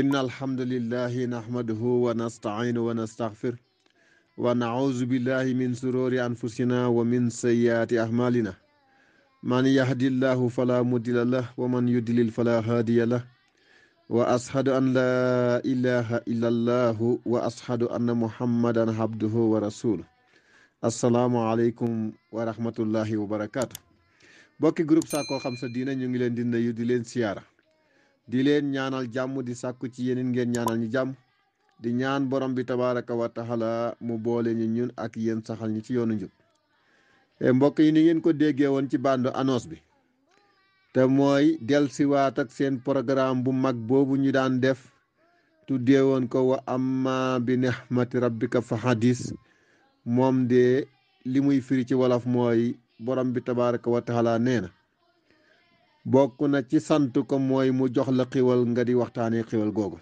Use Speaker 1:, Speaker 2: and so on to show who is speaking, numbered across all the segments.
Speaker 1: إن الحمد لله نحمده ونستعين ونستغفر ونعوذ بالله من سرور أنفسنا ومن سيئات أعمالنا من يهد الله فلا مضل له ومن يضلل فلا هادي له وأشهد أن لا إله إلا الله وأشهد أن محمدا عبده ورسوله السلام عليكم ورحمة الله وبركاته bokki groupe Sakko خمسة دينا Diine ñu ngi leen di nuyu di leen siyaara di len ñaanal jamm di sakku ci yeneen ngeen ñaanal ñu jamm di ñaan borom bi tabaraka wa taala mu boole ñu ñun ak yeen saxal ñi ci yoonu njub eh, mbokk yi ni ngeen ko déggee woon ci bande annonce bi te mooy waat ak seen programme bu mag boobu ñu daan def tuddee woon ko wa amma bi nehmati rabbika fa hadis moom de li muy firi ci wolof mooy borom bi wa taala nee bokk na ci sant ko mooy mu jox la xiwal nga di waxtaane xiwal googu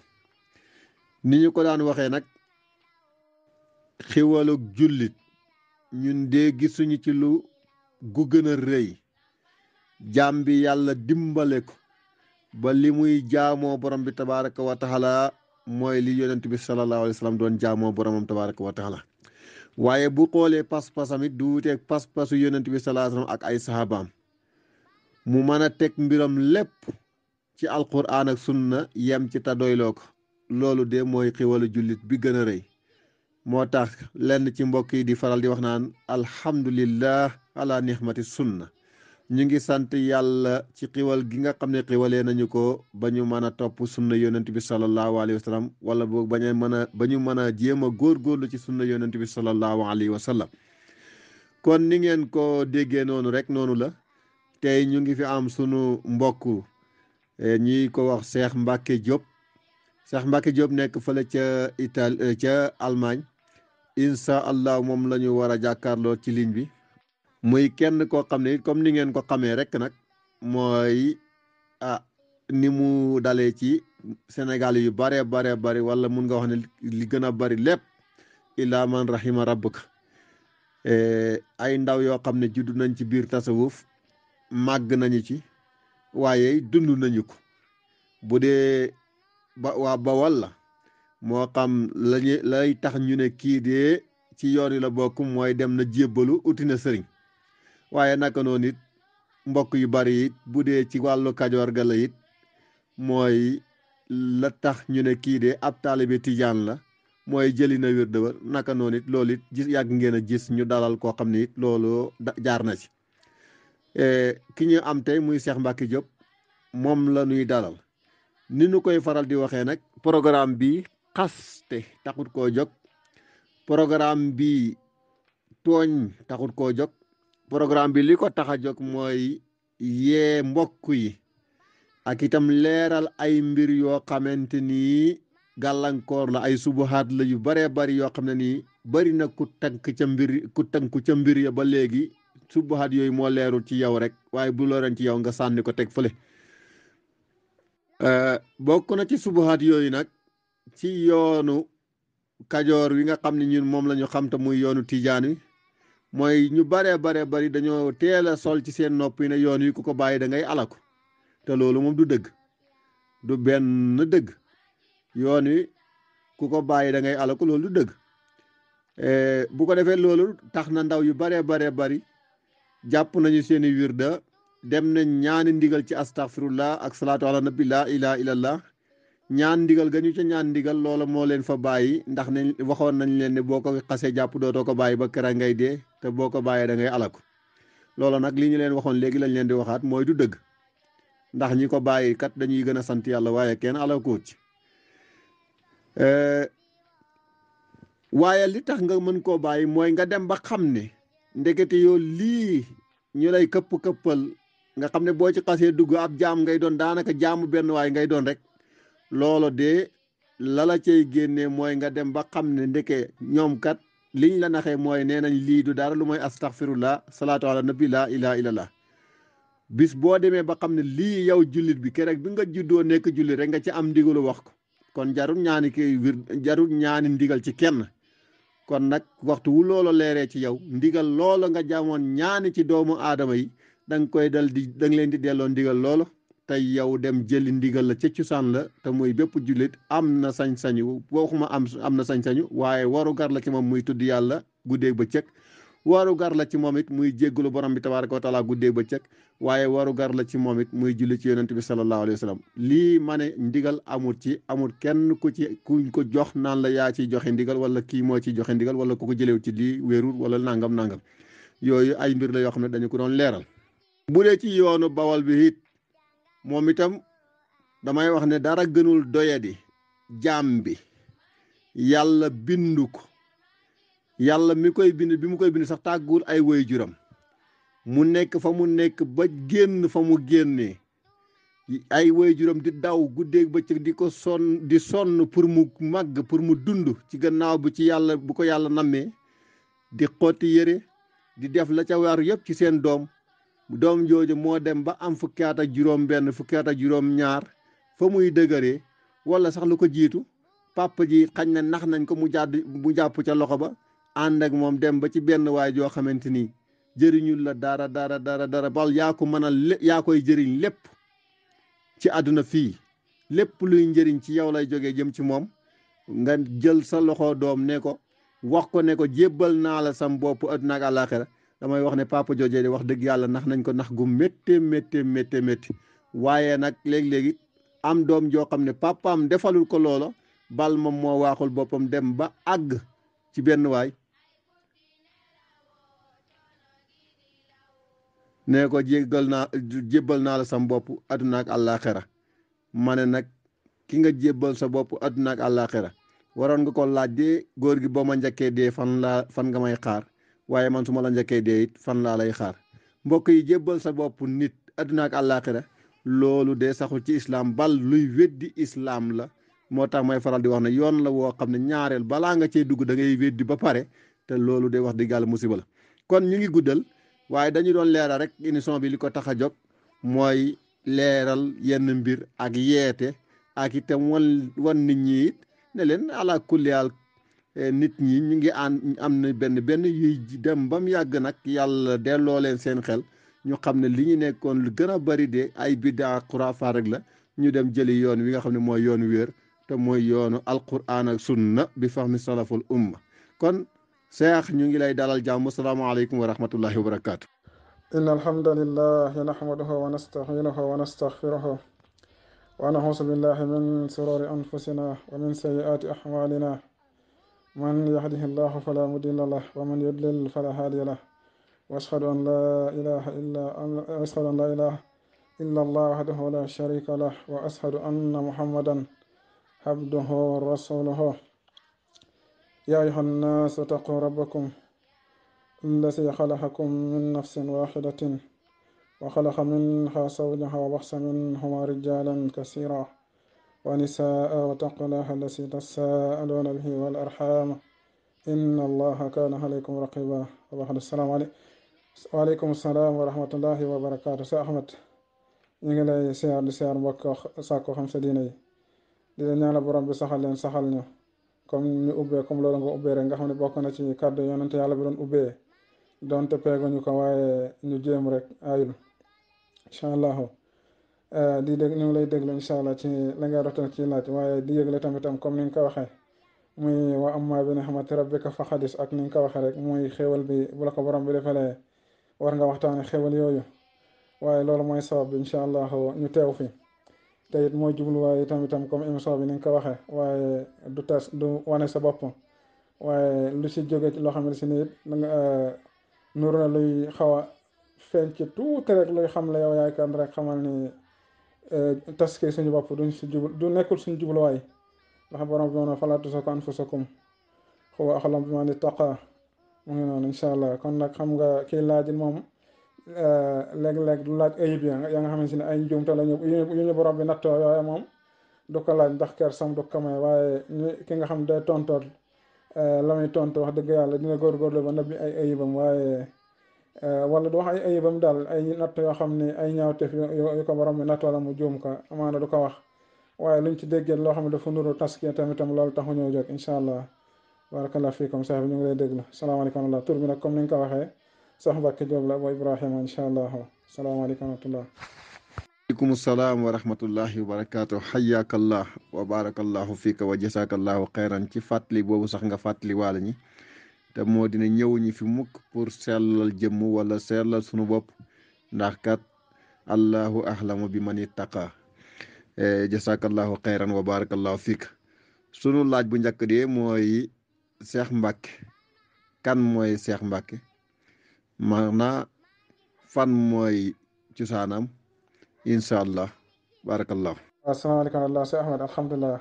Speaker 1: ni ñu ko daan waxee nag xiwalug jullit ñun dee gisuñu ci lu gu gën a jaam bi yàlla dimbale ko ba li muy jaamoo borom bi tabaraka wa taala mooy li yonent bi sallallahu alayhi wa sallam doon jaamoo boromam tabaraka wa taala waaye bu xoolee pas-pasam it du wuuteeg pas-pasu yonent bi sallallahu alayhi wa ak ay sahabaam mu mana tek mbiram lepp ci alquran ak sunna yam ci ta doylo ko lolou de moy xiwalu julit bi gëna reey motax ci mbokk yi di faral di wax naan alhamdulillah ala nihmati sunna ñu ngi sant yalla ci xiwal gi nga xamne ne nañu ko bañu mana top sunna yonnati bi sallallahu alaihi wasallam wala bo bañe mana bañu mana jema gor gor lu ci sunna yonnati bi sallallahu alaihi wasallam kon ni ngeen ko déggee nonu rek nonu la tey ñu ngi fi am sunu mbokk eh, ñi ko wax Cheikh Mbacke Diop Cheikh Mbacke Diop nekk fële ca Italie eh, ca Allemagne incha allah moom la ñu war a jàkkaarloo ci ligne bi muy kenn koo xam ne comme ni ngeen ko xamee rek nag mooy ah ni mu dalee ci Sénégal yu bare bare bari wala mun nga wax ne li gën a bari lépp ilaa man rahima rabbuk eh, ay ndaw yoo xam ne juddu nañ ci biir tasawuf màgg nañu ci waaye dund nañu ko bu dee ba waa Bawol la moo xam lañu lay tax ñu ne kii dee ci yoon yi la bokk mooy dem na jébbalu uti na sëriñ waaye naka noonu it mbokk yu bari it bu dee ci wàllu kajoor ga la it mooy la tax ñu ne kii dee ab taalibe tijaan la mooy jëli na wér dëwër naka noonu it loolu it gis yàgg ngeen a gis ñu dalal koo xam ne it loolu jaar na ci Eh, ki ñu am tey muy Cheikh mbacke Diop mom la ñuy dalal ni ñu koy faral di waxe nak programme bi xaste taxut ko jog programme bi togn taxut ko jog programme bi liko ko jog moy ye mbokk yi ak itam leral ay mbir yo xamanteni galankor la ay subuhat la yu bare bare yo xamanteni bari na ku tank ci mbir ku tank ci mbir ya ba legi subuhaat yooyu moo leerul ci yow rek waaye bu looleen ci yow nga sànni ko teg fële euh, bokk na ci subuhaat yooyu nag ci yoonu kajoor wi nga xam ne ñun moom la ñu xam te muy yoonu tiijaan wi mooy ñu baree baree bari dañoo teel a sol ci seen nopp yi ne yoon yi ku ko bàyyi da ngay alako te loolu moom du dëgg du benn dëgg yoon wi ku ko bàyyi da ngay alako loolu du dëgg euh, bu ko defee loolu tax na ndaw yu baree baree bari japp nañu seeni wirda dem nañ ñaani ndigal ci astaghfirullah ak salatu ala nabi la ilaha illallah ñaan ndigal gañu ci ñaan ndigal loolu moo leen fa bàyyi ndax ne waxoon nañ leen ne boo ko xasee jàpp dootoo ko bàyyi ba kera ngay dee te boo ko bàyyee da ngay alaku loolu nag li ñu leen waxoon léegi lañ leen di waxaat mooy du dëgg ndax ñi ko bàyyi kat dañuy gën a sant yàlla waaye kenn alakuut ci eh, waaye li tax nga mën koo bàyyi mooy nga dem ba xam ndekete yoo lii ñu lay këpp-këppal nga xam ne boo ci xasee dugg ab jaam ngay doon daanaka jaamu benn waay ngay doon rek loolo de lala cay génnee mooy nga dem ba xam ne ndeke ñoom kat liñ la naxee mooy nee nañ lii du dara lu mooy astaghfirullah salaatu ala nabi laa ilaha la bis boo demee ba xam ne lii yow jullit bi keroog bi nga juddoo nekk jullit rek nga ci am ndigalu wax ko kon jarul ñaani kii wir jarul ñaani ndigal ci kenn kon nag waxtu wu loola leeree ci yow ndigal loola nga jaamoon ñaani ci doomu aadama yi da nga koy dal di da leen di delloo ndigal loola tey yow dem jëli ndigal la ci cosaan la te muy bépp jullit am na sañ-sañu waxuma am am na sañ-sañu waaye waru gar la ci moom muy tudd yàlla guddeeg bëccëg waru gar la ci moomit muy jéggalu borom bi tabaraka wa taala ba bëccëg waaye waru gar la ci moom it muy julli ci yonent bi sallallahu alayhi wa lii ma ne ndigal amul ci amul kenn ku ci kuñ ko jox naan la yaa ciy joxe ndigal wala kii moo ciy joxe ndigal wala ku ko jëlew ci lii wéerul wala nangam nangam yooyu ay mbir la yoo xam ne dañu ko doon leeral bu dee ci yoonu bawal bi it moom itam damay wax ne dara gënul doyadi jaam bi yàlla bindu yàlla mi koy bind bi mu koy bind sax tàgguwul ay woy juram mu nekk fa mu nekk ba génn fa mu génnee ay woy juram di daw ba bëccëg di ko sonn di sonn pour mu màgg pour mu dund ci gannaaw bu ci yàlla bu ko yàlla nammee di xotti yére di def la ca war yëpp ci seen doom doom jooju moo dem ba am fukki at ak juróom benn juróom ñaar fa muy dëgëree wala sax lu ko jiitu papa ji xañ na nax nañ ko jàdd mu jàpp ca loxo ba ànd ak moom dem ba ci benn waay joo xamante ni jëriñul la dara dara dara dara bal yaa ko mën a yaa koy jëriñ lépp ci àdduna fii lépp luy njëriñ ci yow lay jógee jëm ci moom nga jël sa loxo doom ne ko wax ko ne ko jébbal naa la sam bopp àdduna ak àllaaxira damay wax ne papa joojee di wax dëgg yàlla nax nañ ko nax gu métte métte métte métti waaye nag léegi-léegi am doom joo xam ne papaam defalul ko loola bal moom moo waaxul boppam dem ba àgg ci benn waay ne ko jegal na jebal na la sam bopp aduna ak alakhirah mané nak ki nga jebal sa bop aduna ak alakhirah waron nga ko laaj de gi boo ma njëkkee fan la fan nga may xaar waye man suma la de fan la lay xaar mbok yi jebal sa bop nit aduna ak alakhirah lolou de saxul ci islam bal luy weddi Islam la motax may faral di wax na yon la wo xamne ñaarel bala nga ci dugg da ngay weddi ba pare te lolou de wax di gal musiba kon ñu ngi guddal waaye dañu doon leeral rek émission bi li ko tax a jóg mooy leeral yenn mbir ak yeete ak itam wan wan nit ñi it ne leen ala eh, nit ñi ñu ngi ànd am na benn benn yuy dem ba mu yàgg nag yàlla delloo leen seen xel ñu xam ne li ñu nekkoon lu gën a bari de ay biddaa xuraafa rek la ñu dem jëli yoon wi nga xam ne mooy yoon wéer te mooy yoonu alquran ak sunna bi fahmi salaful umma kon شيخ ني نغي لاي دالال جام السلام عليكم ورحمه الله وبركاته
Speaker 2: إن الحمد لله نحمده ونستعينه ونستغفره ونعوذ بالله من شرور أنفسنا ومن سيئات أحوالنا من يهده الله فلا مضل له ومن يضلل فلا هادي له وأشهد أن لا إله إلا أشهد أن لا إله إلا الله وحده لا شريك له وأشهد أن محمدا عبده ورسوله يا أيها الناس اتقوا ربكم الذي خلقكم من نفس واحدة وخلق منها زوجها وبحث منهما رجالا كثيرا ونساء واتقوا الله الذي تساءلون به والأرحام إن الله كان عليكم رقيبا السلام عليكم وعليكم السلام ورحمة الله وبركاته سي أحمد ñu سيار lay siyaar ساكو خمسة ديني sàkko xam برب diine yi di comme ñu ubbee comme loolu nga ubbee rek nga xam ne bokk na ci kàddu yonente yàlla bi doon ubbee donte ñu ko waaye ñu jéem rek ayul incha allahu eh, di dégg ñu ngi lay déglu incha allah ci la ngay rotal ci laaj waaye di yëgle tamitam comme ni nga ko waxee muy wa amma bi nixmati rabbika fa xadis ak ni nga ko waxee rek muy xéwal bi bu la ko borom bi defalee war nga waxtaane xéwal yooyu waaye loolu mooy sabab bi incha allahu ñu teew fi te it mooy jubluwaay itam itam comme émission bi ni nga ko waxee waaye du tas du wane sa bopp waaye lu si jóge loo xam si ni it nga euh, nuru na luy xaw a feeñ ci tuuti rek luy xam la yow yaay kan rek xamal ni euh, taske suñu bopp duñ si jublu du nekkul suñu jubluwaay ndax borom bi moom falaa tuzakkuu anfusakum huwa a'lamu biman ittaqa mu ngi noonu incha allah kon nag xam nga kii laajin moom. Euh, léeg-léeg du laaj ayib ya nga ya nga xamante ne ay njuumte la ñu yu ñu borom bi nattoo waaye moom du ko laaj ndax ker sam du ko may waaye ki nga xam day tontool euh, la muy tontu wax dëgg yàlla dina góorgóorlu ba nabbi ay ayibam waaye euh, wala du wax daal ay natt yoo xam ne ay ñaawteef yu ko borom bi nattoo la mu juum ko amaana du ko wax waaye luñ ci déggee loo xam ne dafa nuru taskiya tamitam loolu taxu ñëw jóg incha allah barakallah fiikum sax bi ñu ngi lay déglu salaamaaleykum wa rahmatulah tur bi nag comme ni nga ko waxee. soxba ki Jóob la bu Ibrahima incha allahu salaamaaleykum wa rahmatullah
Speaker 1: aleykum salaam wa rahmatullahi wa barakaatu xayaakallah wa barakallahu fiika wa jasaakallahu xeyran ci fàttali boobu sax nga fàttali waala ñi te moo dina ñëw ñi fi mukk pour sellal jëmm wala sellal sunu bopp ndax kat allahu ahlamu bi man ittaqa e, jasaakallahu xeyran wa barakallahu fiika sunu laaj bu njëkk de mooy Seex Mbàkke kan mooy Seex Mbàkke maanaa fan mooy cosaanam incha allah barakallah.
Speaker 2: asalaamaaleykum wa rahmatulah Seex Ahmed alhamdulilah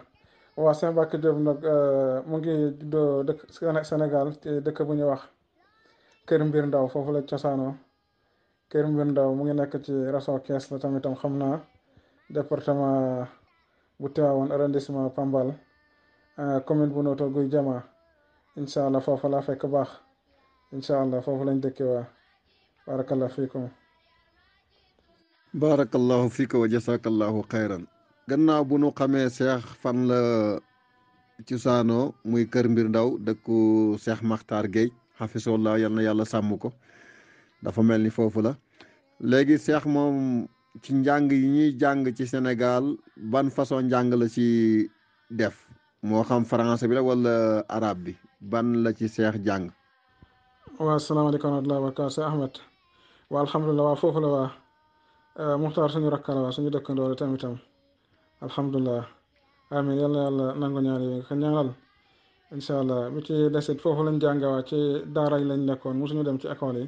Speaker 2: waa sëñ Mbacke Diop nag euh, mu ngi juddoo dëkk Sénégal ci bu ñuy wax Kër Mbir Ndaw foofu la cosaano Kër Mbir Ndaw mu ngi nekk ci région Thiès la tamitam xam naa département bu Tivaouane arrondissement Pambal euh, commune bu Notto Gouye Diama incha allah foofu laa fekk baax. incha allah foofu lañ dëkke waa barakallahu fiikum
Speaker 1: barakallahu fiika wa jasakallahu xayran gannaaw bu nu xamee seex fan la cosaanoo muy kër mbir ndaw dëkku seex maxtaar géej xafisollaa yal na yàlla sàmm ko dafa mel ni foofu la léegi seex moom ci njàng yi ñuy jàng ci Sénégal ban façon njàng la ci def moo xam français bi la wala arabe bi ban la ci seex jàng
Speaker 2: waa salaamaaleykum wa rahmatulah wa barakaatu Ahmed waa alhamdulilah waa foofu la waa eh, Muxtaar suñu rakka la waa suñu dëkkandoo la tam itam alhamdulilah amiin yàlla yàlla nangu ñaan yi nga ko ñaanal incha allah bi ci desit foofu lañ jàng waa ci daara yi lañ nekkoon mosuñu dem ci école yi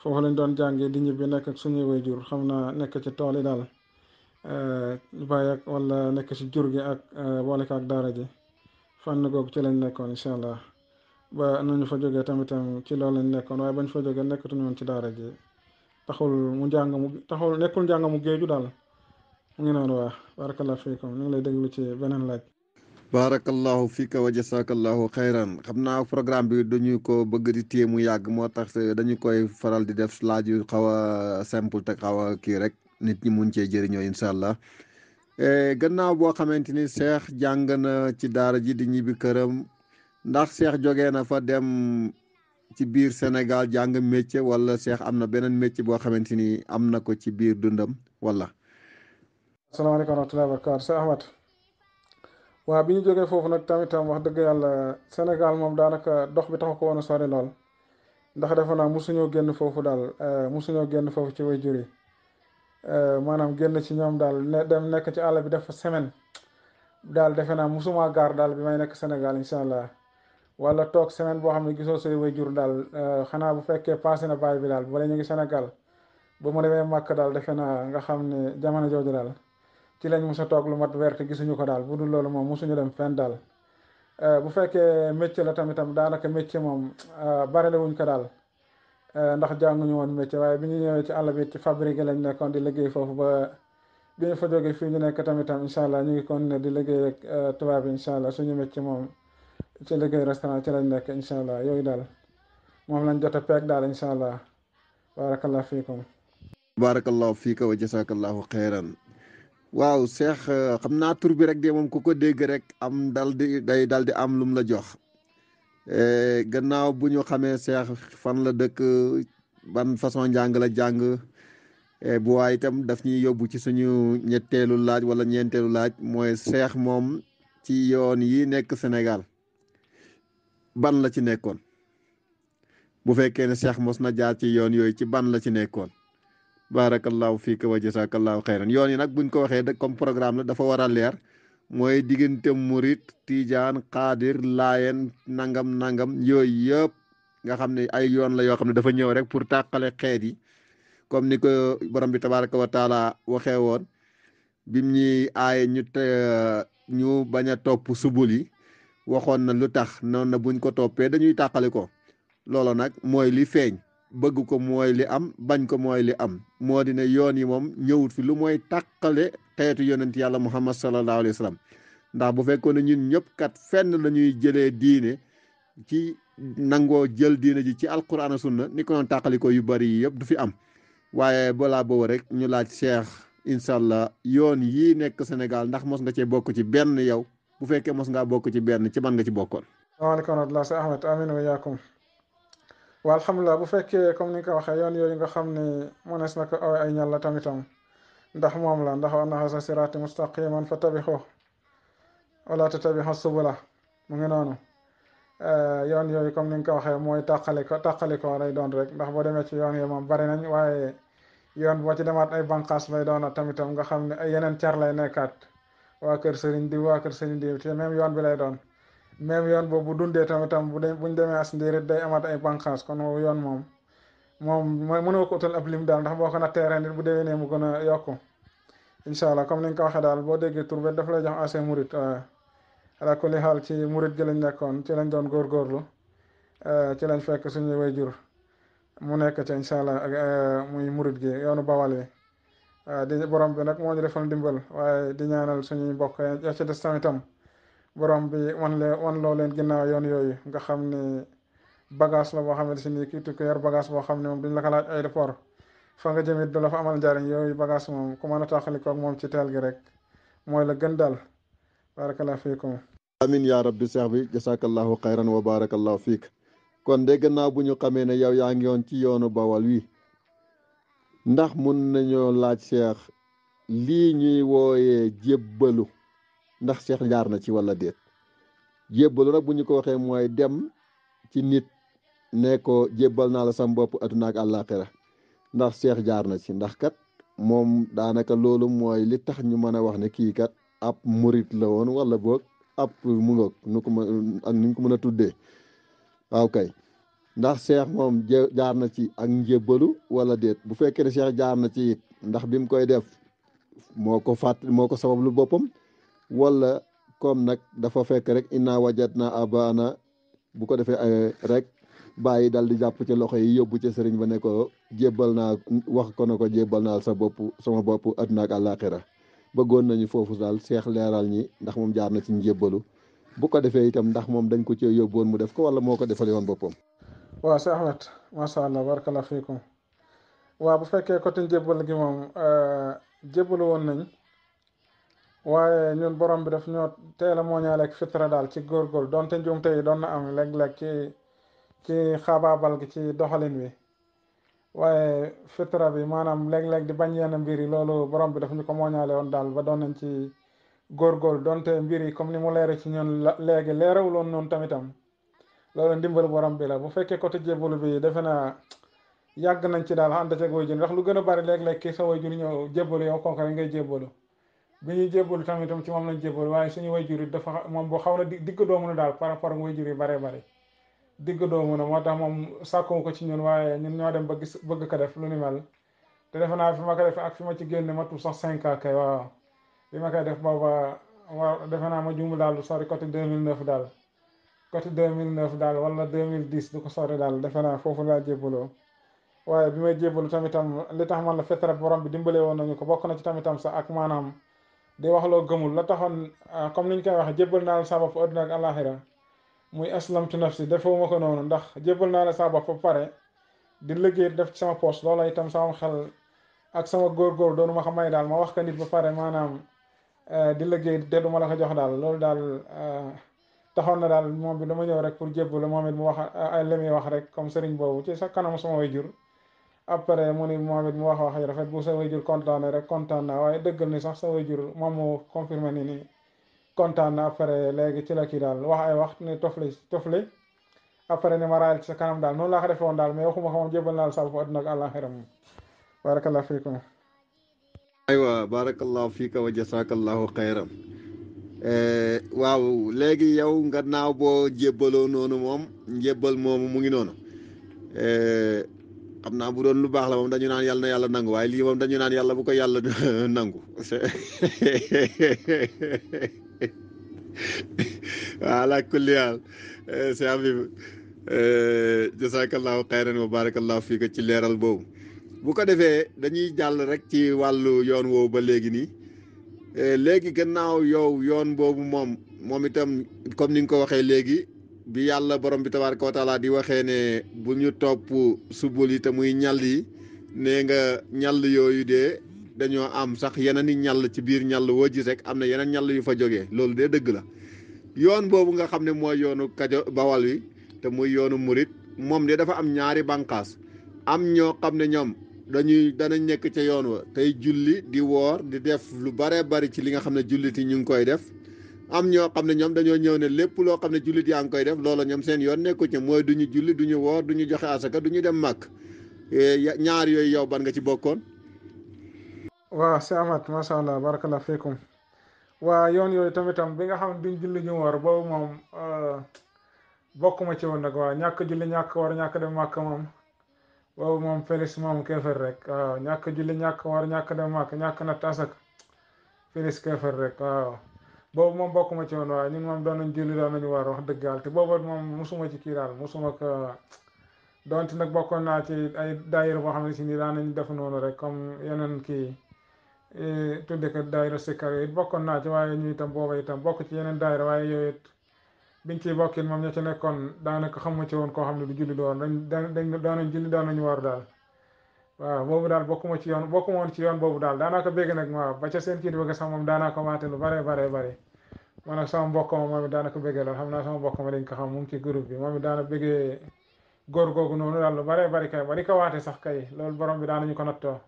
Speaker 2: foofu lañ doon jàngi di ñibbi nekk ak suñuy jur xam naa nekk ci tool yi daal eh, bàyyi ak wala nekk ci jur gi ak eh, boole ko ak daara ji fànn googu ci lañ nekkoon incha allah. ba am nañu fa jógee tamitam ci loolu lañ nekkoon waaye bañ fa jógee nekkatuñu woon ci daara ji taxul mu jàng mu taxul nekkul njàng mu géeju daal mu ngi noon waa barakallahu fiikum ñu ngi lay déglu ci beneen laaj
Speaker 1: barakallahu fiika wa jasakallahu xayran xam naa programme bi dañu ko bëgg di téye mu yàgg moo tax dañu koy faral di def laaj yu xaw a simple te xaw a kii rek nit ñi mun cee jëriñoo incha allah eh, gannaaw boo xamante ni Cheikh jàng na ci daara ji di ñibbi këram ndax Cheikh jógee na fa dem ci biir Sénégal jàng métier wala Cheikh am na beneen métier boo xamante ni am na ko ci biir dundam wala.
Speaker 2: asalaamaaleykum wa rahmatulah barakaatu Cheikh Ahmad waaw bi ñu jógee foofu nag tamitam wax dëgg yàlla Sénégal moom daanaka dox bi taxu ko woon a sori lool ndax defe naa mosuñoo génn foofu daal eh, mosuñoo génn foofu ci jur yi eh, maanaam génn ci ñoom daal ne dem nekk ci àll bi def fa semaine daal defe naa mosumaa gaar daal bi may nekk Sénégal incha allah. wala toog semaine boo xam ne gisoo say waajur daal euh, xanaa bu fekkee passé na baay bi daal wala ñu ngi Sénégal ba mu demee màkk daal defe naa nga xam ne jamono jooju daal ci lañ mos a toog lu mat weer te gisuñu ko daal bu dul loolu moom mosuñu dem fenn daal. Euh, bu fekkee métier la tamitam daanaka métier moom euh, barale wuñ ko daal ndax jànguñu woon métier waaye bi ñu ñëwee ci àll bi ci fabrique lañ nekkoon di liggéey foofu ba bi ñu fa jógee fii ñu nekk tamitam incha allah ñu ngi kon di liggéey ak tubaab yi suñu métier moom. ci liggéey restaurant ci lañ nekk incha allah yooyu daal moom lañ jot a daal incha allah barakallahu fiikum
Speaker 1: barakallahu fiika wa jasakallahu xeyran waaw Cheikh xam naa tur bi rek de moom ku ko dégg rek am dal di day dal di am lum la jox eh, gannaaw bu ñu xamee Cheikh fan la dëkk ban façon njàng la jàng eh, bu waay itam daf ñuy yóbbu ci suñu ñetteelu laaj wala ñeenteelu laaj mooy Cheikh moom ci yoon yi nekk Sénégal ban la ci nekkoon bu fekkee ne cheikh mos na jaar ci yoon yooyu ci ban la ci nekkoon barakallahu fiika wa jazakallahu khairan yoon yi nag buñ ko waxee comme programme la dafa war a leer mooy diggante murit tijaan qadir layen nangam nangam yooyu yëpp nga xam ne ay yoon la yoo xam dafa ñëw rek pour tàqale xeet yi comme ni ko borom bi tabaraka wa taala waxee woon bim ñuy aaye ñu ñu bañ a topp waxoon na lu tax noonu na buñ ko toppee dañuy tàqali ko loolu nag mooy li feeñ bëgg ko mooy li am bañ ko mooy li am moo di ne yoon yi moom ñëwut fi lu mooy tàqale xeetu yonent yàlla muhammad sallallahu alayhi wa sallam ndax bu fekkoon ne ñun ñëpp kat fenn la ñuy jëlee diine ci nangoo jël diine ji ci alquran sunna ni ko noon tàqali yu bari yi yëpp du fi am waaye balaa boobu rek ñu laaj cheikh incha allah yoon yii nekk Sénégal ndax mos nga cee bokk ci benn yow bu fekkee mos ngaa bokk ci benn ci ban nga ci bokkoon
Speaker 2: waaleykum rahmatulah sa ahmed amin wa yaakum waa bu fekkee comme ni nga ko waxee yoon yooyu nga xam ne mënees na ko awe ay ñàlla ndax moom la ndax annahu sa siraati mustaqiman fa tabixu wala tatabixu subula mu ngi noonu eh, yoon yooyu comme ni nga ko waxee mooy tàqali ko tàqali ko lay doon rek ndax boo demee ci yoon yooyu moom bari nañ waaye yoon boo ci demaat ay bànqaas lay doon tamitam nga xam ne ay yeneen car lay nekkaat waa kër sëriñ diw waa kër sëriñ diw te même yoon bi lay doon même yoon boobu bu dundee tamitam bu buñ demee as ndiirit day amaat ay bànqaas kon woowu yoon moom moom mënoo ko utal ab lim daal ndax boo ko nattee ren nit bu déwénee mu gën a yokku incha allah comme ni nga ko waxee daal boo déggee tur bi daf lay jox AC Mouride ala kulli xaal ci Mouride gi lañ nekkoon ci lañ doon góorgóorlu eh, ci lañ fekk suñuy wayjur mu nekk ci incha allah eh, muy Mouride gi yoonu Bawal yi di borom bi nag moo ñu defal ndimbal waaye di ñaanal suñu mbokk ya ca des tamitam borom bi wan leen wan loo leen ginnaaw yoon yooyu nga xam ni bagage la boo xam ni si nii kii tukki yor bagage boo xam ne moom di la ko laaj aéroport fa nga jëmit du fa amal njariñ yooyu bagage moom ku mën a tàqalikoog moom ci teel gi rek mooy la gën daal barakallahu fiikum
Speaker 1: amin yaa rabbi seex bi jasakallahu xayran wa barakallahu fiik kon de gannaaw bu ñu xamee ne yow yaa ngi yoon ci yoonu bawal wi ndax mun nañu laaj Cheikh lii ñuy wooye jébbalu ndax Cheikh jaar na ci walla déet jébbalu nag bu ñu ko waxee mooy dem ci nit ne ko jébbal naa la sam bopp aduna ak àllaaxira ndax Cheikh jaar na ci ndax kat moom daanaka loolu mooy li tax ñu mën a wax ne kii kat ab murit la woon walla boog ab mu nu ko mën ak nu ko mën a tuddee waaw kay ndax seex moom jaar na ci ak njébbalu wala déet bu fekkee ne seex jaar na ci ndax bi mu koy def moo ko fàtt moo ko sabablu boppam wala koom nag dafa fekk rek inna wajadna abana bu ko defee eh, rek bàyyi dal di jàpp ci loxo yi yóbbu ci sëriñ ba ne ko naa wax ko ne ko jébbal naa sa bopp sama bopp àdduna ak àllaaxira bëggoon nañu foofu daal seex leeral ñi ndax moom jaar na ci njébbalu bu ko defee itam ndax moom dañ ko ci yóbboon mu def ko wala moo ko defal yoon boppam
Speaker 2: waa si Ahmed macha allah barakallahu fiikum waaw bu fekkee côté njëbbal gi moom euh, jébbalu woon nañ waaye ñun borom bi def ñoo teele a mooñaale ak fitra daal ci góorgóor donte njuumte yi doon na am léeg-léeg ci ci xabaabal gi ci doxalin wi waaye fitra bi maanaam léeg-léeg di bañ yenn mbir yi loolu borom bi daf ñu ko mooñaale woon daal ba doon nañ ci góorgóor donte mbir yi comme ni mu leere ci ñun léegi leerawuloon noonu tamitam loolu ndimbal borom bi la bu fekkee côté jébbalu bi defe naa yàgg nañ ci daal ànd teg waajur ndax lu gën a bari léeg-léeg kii sa waajur ñëw jébbalu yow kooku rek ngay jébbalu bi ñuy jébbalu tamitam ci moom lañ jébbalu waaye suñu waajur yi dafa moom boo xaw na digg doomu na daal par rapport ak waajur yi baree bari digg doomu na moo tax moom sàkku ko ci ñun waaye ñun ñoo dem ba gis bëgg ko def lu ni mel te defe naa fi ma ko def ak fi ma ci génne matul sax cinq ans bi ma koy def booba war defe naa ma jumb daal lu sori côté 2009 daal côté 2009 daal wala 2010 du ko sori daal defe naa foofu laa jébbaloo waaye bi may jébbalu tamitam li tax man la fetrab borom bi dimbale woon nañu ko bokk na ci tamitam sax ak maanaam di wax loo gëmul la taxoon ah, comme ni ñu koy waxee jébbal naa la saa bopp adduna ak àllaaxira muy aslamtu nafsi defewuma ko noonu ndax jébbal naa la saa bopp ba pare di liggéey def ci sama poche loola itam sama xel ak sama góor góorgóor doonu ma ko may daal ma wax ko nit ba pare maanaam eh, di liggéey te du ma la ko jox daal loolu daal. Eh, taxoon dal mom bi dama ñëw rek pour jébbalu moom it mu wax ay muy wax rek comme sëriñ bobu ci sa kanam sama wayjur après mu ni moom mu wax wax ay rafet bu sa wayjur contane rek contane naa waaye dëggal ni sax sa wayjur mom mo confirmer ni ni contane na après légui ci la ki dal wax ay wax ni tofle tofle après ni maral ci sa kanam dal non la ko defee dal mais waxuma xam moom jébbal naa la sàll fa àdduna ak àllaaxira moom barakallahu fiikum
Speaker 1: aywa barakallahu fiika wa jasakallahu xayran Eh, waaw léegi yow nga naaw boo jébbaloo noonu moom njébbal moomu mu ngi noonu eh, xam naa bu doon lu baax la moom dañu naan yàlla na yàlla nangu waaye lii moom dañu naan yàlla bu ko yàlla nangu ala kulli haal si eh, Habib jasakallahu xayran wa barakallahu fii ko ci leeral boobu bu ko defee dañuy jàll rek ci wàllu yoon woowu ba léegi nii Eh, léegi gannaaw yow yoon boobu moom moom itam comme ni nga ko waxee léegi bi yàlla borom bi tabaaraka wa taala di waxee ne bu ñu topp subul yi te muy ñal yi ne nga ñàll yooyu de dañoo am sax yeneen i ñàll ci biir ñàll woo gis rek am na yeneen ñàll yu fa jógee loolu de dëgg la yoon boobu nga xam ne mooy yoonu kajo bawal wi te muy yoonu murit moom de dafa am ñaari bànqaas am ñoo xam ne ñoom dañuy danañ nekk ca yoon wa tey julli di woor di def lu baree bari ci li nga xam ne jullit yi ñu ngi koy def am ñoo xam ne ñoom dañoo ñëw ne lépp loo xam ne jullit yaa ngi koy def loola ñoom seen yoon nekku ci mooy du ñu julli du ñu woor du ñu joxe asaka du ñu dem màkk e, ñaar yooyu yow ban nga ci bokkoon.
Speaker 2: waaw si amat macha allah fiikum waa yoon yooyu tamitam bi nga xam ne duñ julli ñu woor boobu moom euh, bokk ma ci woon nag waa ñàkk julli ñàkk woor ñàkk dem màkk moom. boobu moom Félix moom keefar rek waaw ñàkk julli ñàkk war ñàkk dem màkk ñàkk natt asaka Félix keefar rek waaw boobu moom bokk ma ci woon waaye ñun moom doon nañ julli doon ñu war wax dëgg yàlla te boobu moom musuma ci mu daal musuma ko donte nag bokkoon naa ci ay daayira boo xam ne si nii daan nañ def noonu rek comme yeneen kii eh, tudde ko daayira sikkar yi bokkoon naa ci waaye ñu itam booba itam bokk ci yeneen daayira waaye yooyu biñ ci bokkit moom ña ci nekkoon daanaka xamu ci woon koo xam ne du julli doon dañ dañ daanañ julli daanañu war daal waaw boobu daal bokkuma ci yoon bokkuma woon ci yoon boobu daal daanaka bégg nag waaw ba ca seen kii di bëgg sax moom daanaka maate lu bare bare bare man ak sama mbokk ma moom it daanaka béggee lool xam naa sama mbokk ma dañ ko xam mu ngi ci groupe moom it daana béggee góor googu noonu daal lu bare bari kay bari ko waate sax kay loolu borom bi daanañu ko nattoo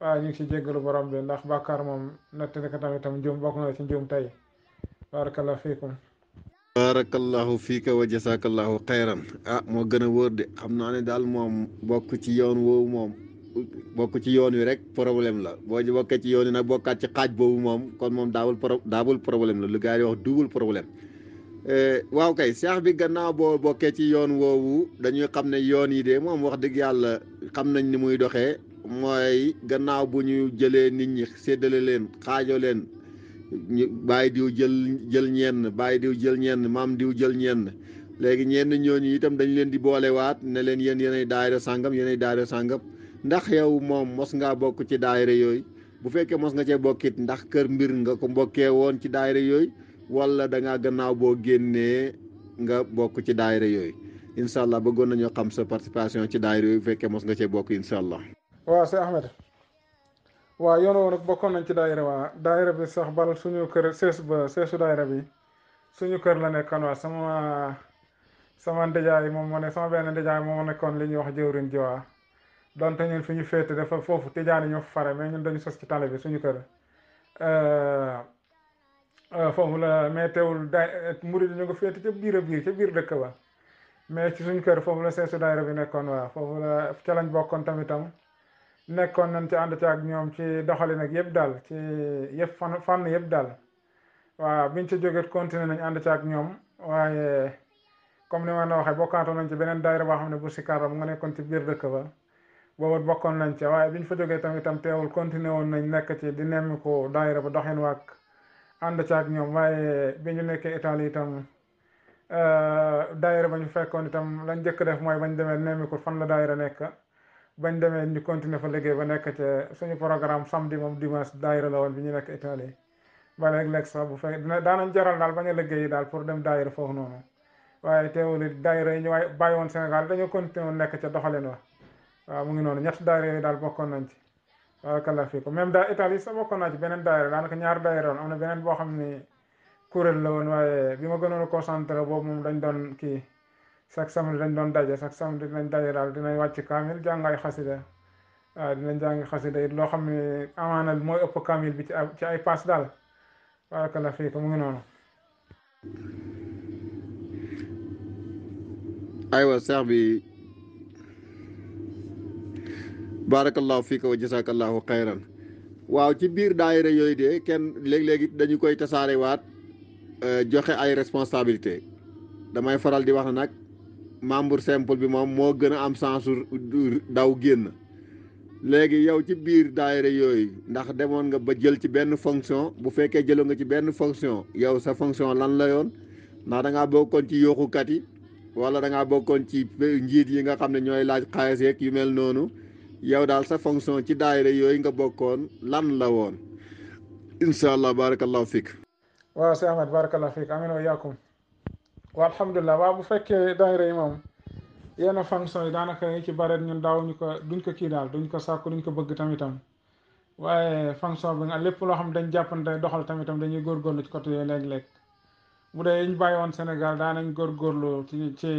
Speaker 2: waaw ñu ngi ci jéggalu borom bi ndax bàkkaar moom natt ko tamit tam njuum bokk na ci njuum tey barakallahu fiikum
Speaker 1: baarakallahu fiika wa jasakallahu xayran ah moo gën a wóor de xam naa ne daal moom bokk ci yoon woowu moom bokk ci yoon wi rek problème la boo ci bokkee ci yoon wi nag bokkaat ci xaaj boobu moom kon moom daawul pro daawul problème la lu gars yi wax double problème eh, waaw kay seex bi gannaaw boo bokkee ci yoon woowu dañuy xam ne yoon yi de moom wax dëgg yàlla xam nañ ni muy doxee mooy gannaaw bu ñu jëlee nit ñi séddale leen xaajoo leen bàyyi diw jël jël ñenn bàyyi diw jël ñenn maam diw jël ñenn léegi ñenn ñooñu itam dañ leen di boolewaat ne leen yéen yéenay daayira sàngam yéenay daayira sàngam ndax yow moom mos ngaa bokk ci daayira yooyu bu fekkee mos nga cee bokkit ndax kër mbir nga ko mbokkee woon ci daayira yooyu wala da ngaa gannaaw boo génnee nga bokk ci daayira yooyu incha bëggoon nañoo xam sa participation ci daayira yooyu bu fekkee mos nga cee bokk incha allah.
Speaker 2: waaw yoon woo nag bokkoon nañ ci daayira waa daayira bi sax bal suñu kër sees ba seesu daayira bi suñu kër la nekkoon waa sama sama ndijaay moom moo ne sama benn ndijaay moom moo nekkoon li ñuy wax jëwriñ ji waa donte ñun fi ñu fete dafa foofu tijaani ñoo fare mais ñun dañu sos ci tali bi suñu kër foofu la mais teewul daay murid ñu ngi féete ca biir a biir biir dëkk ba mais ci suñu kër foofu la seesu daayira bi nekkoon waa foofu la ca lañ bokkoon tamitam nekkoon nañ ci ànd ci ak ñoom ci doxalin ak yëpp daal ci yëpp fan fànn yëpp daal waa biñ ci jógee continuer nañ ànd ci ak ñoom waaye comme ni ma ne waxee bokkaatoon nañ ci beneen daayira boo xam ne bu Sikaram nga nekkoon ci biir dëkk ba boobu bokkoon nañ ci waaye biñ fa jógee tam itam teewul continuer woon nañ nekk ci di nemmiku daayira ba doxin waak ànd ci ak ñoom waaye biñu nekkee Italie itam euh, daayira ba ñu fekkoon itam lañ njëkk def mooy bañ demee nemmiku fan la daayira nekk. bañ demee ñu continuer fa liggéey ba nekk ca suñu programme samedi moom dimanche daayira la woon bi ñu nekk Italie ba léeg-léeg sax bu fekk daanañ jaral daal bañ a liggéey daal pour dem daayira foofu noonu waaye teewul it daayira yi waay bàyyi woon Sénégal dañoo continuer woon nekk ca doxalin wa waaw mu ngi noonu ñett daayira yooyu daal bokkoon nañ ci waaw kala fii daa Italie sax bokkoon naa ci beneen daayira daanaka ñaar daayira woon am na beneen boo xam ni kuréel la woon waaye ma gënoon a concentré moom dañ doon kii chaque samedi dañ doon daje chaque samedi dinañ daje daal dinañ wàcc kaamil jàng ay xasida waaw dinañ jàng xasida it loo xam ne amaana mooy ëpp kaamil bi ci ay ci ay paas daal barakalla fii ko mu ngi noonu.
Speaker 1: aywa seex bi barakallahu fiika wa waaw ci biir daayira yooyu de kenn léeg-léegi dañu koy waat eh, joxe ay responsabilité damay faral di wax nag. membre simple bi moom moo gën a am chance daw génn léegi yow ci biir daayre yooyu ndax demoon nga ba jël ci benn fonction bu fekkee jëloo nga ci benn fonction yow sa fonction lan la yoon ndax da bokkoon ci yooxukat yi wala da bokkoon ci njiit yi nga xam ne ñooy laaj xaalis yeeg yu mel noonu yow daal sa fonction ci daayira yooyu nga bokkoon lan la woon incha allah barakallahu fik
Speaker 2: waaw alhamdulilah waaw bu fekkee daayira yi moom yenn fonction yi daanaka yi ci bareet ñun daawuñu ko duñ ko kii daal duñ ko sàkku duñ ko bëgg tamitam waaye fonction bi nga lépp loo xam dañ jàppante doxal tamitam dañuy góorgóorlu ci côté yooyu léeg-léeg bu dee yi bàyyi woon Sénégal daanañ góorgóorlu ci ci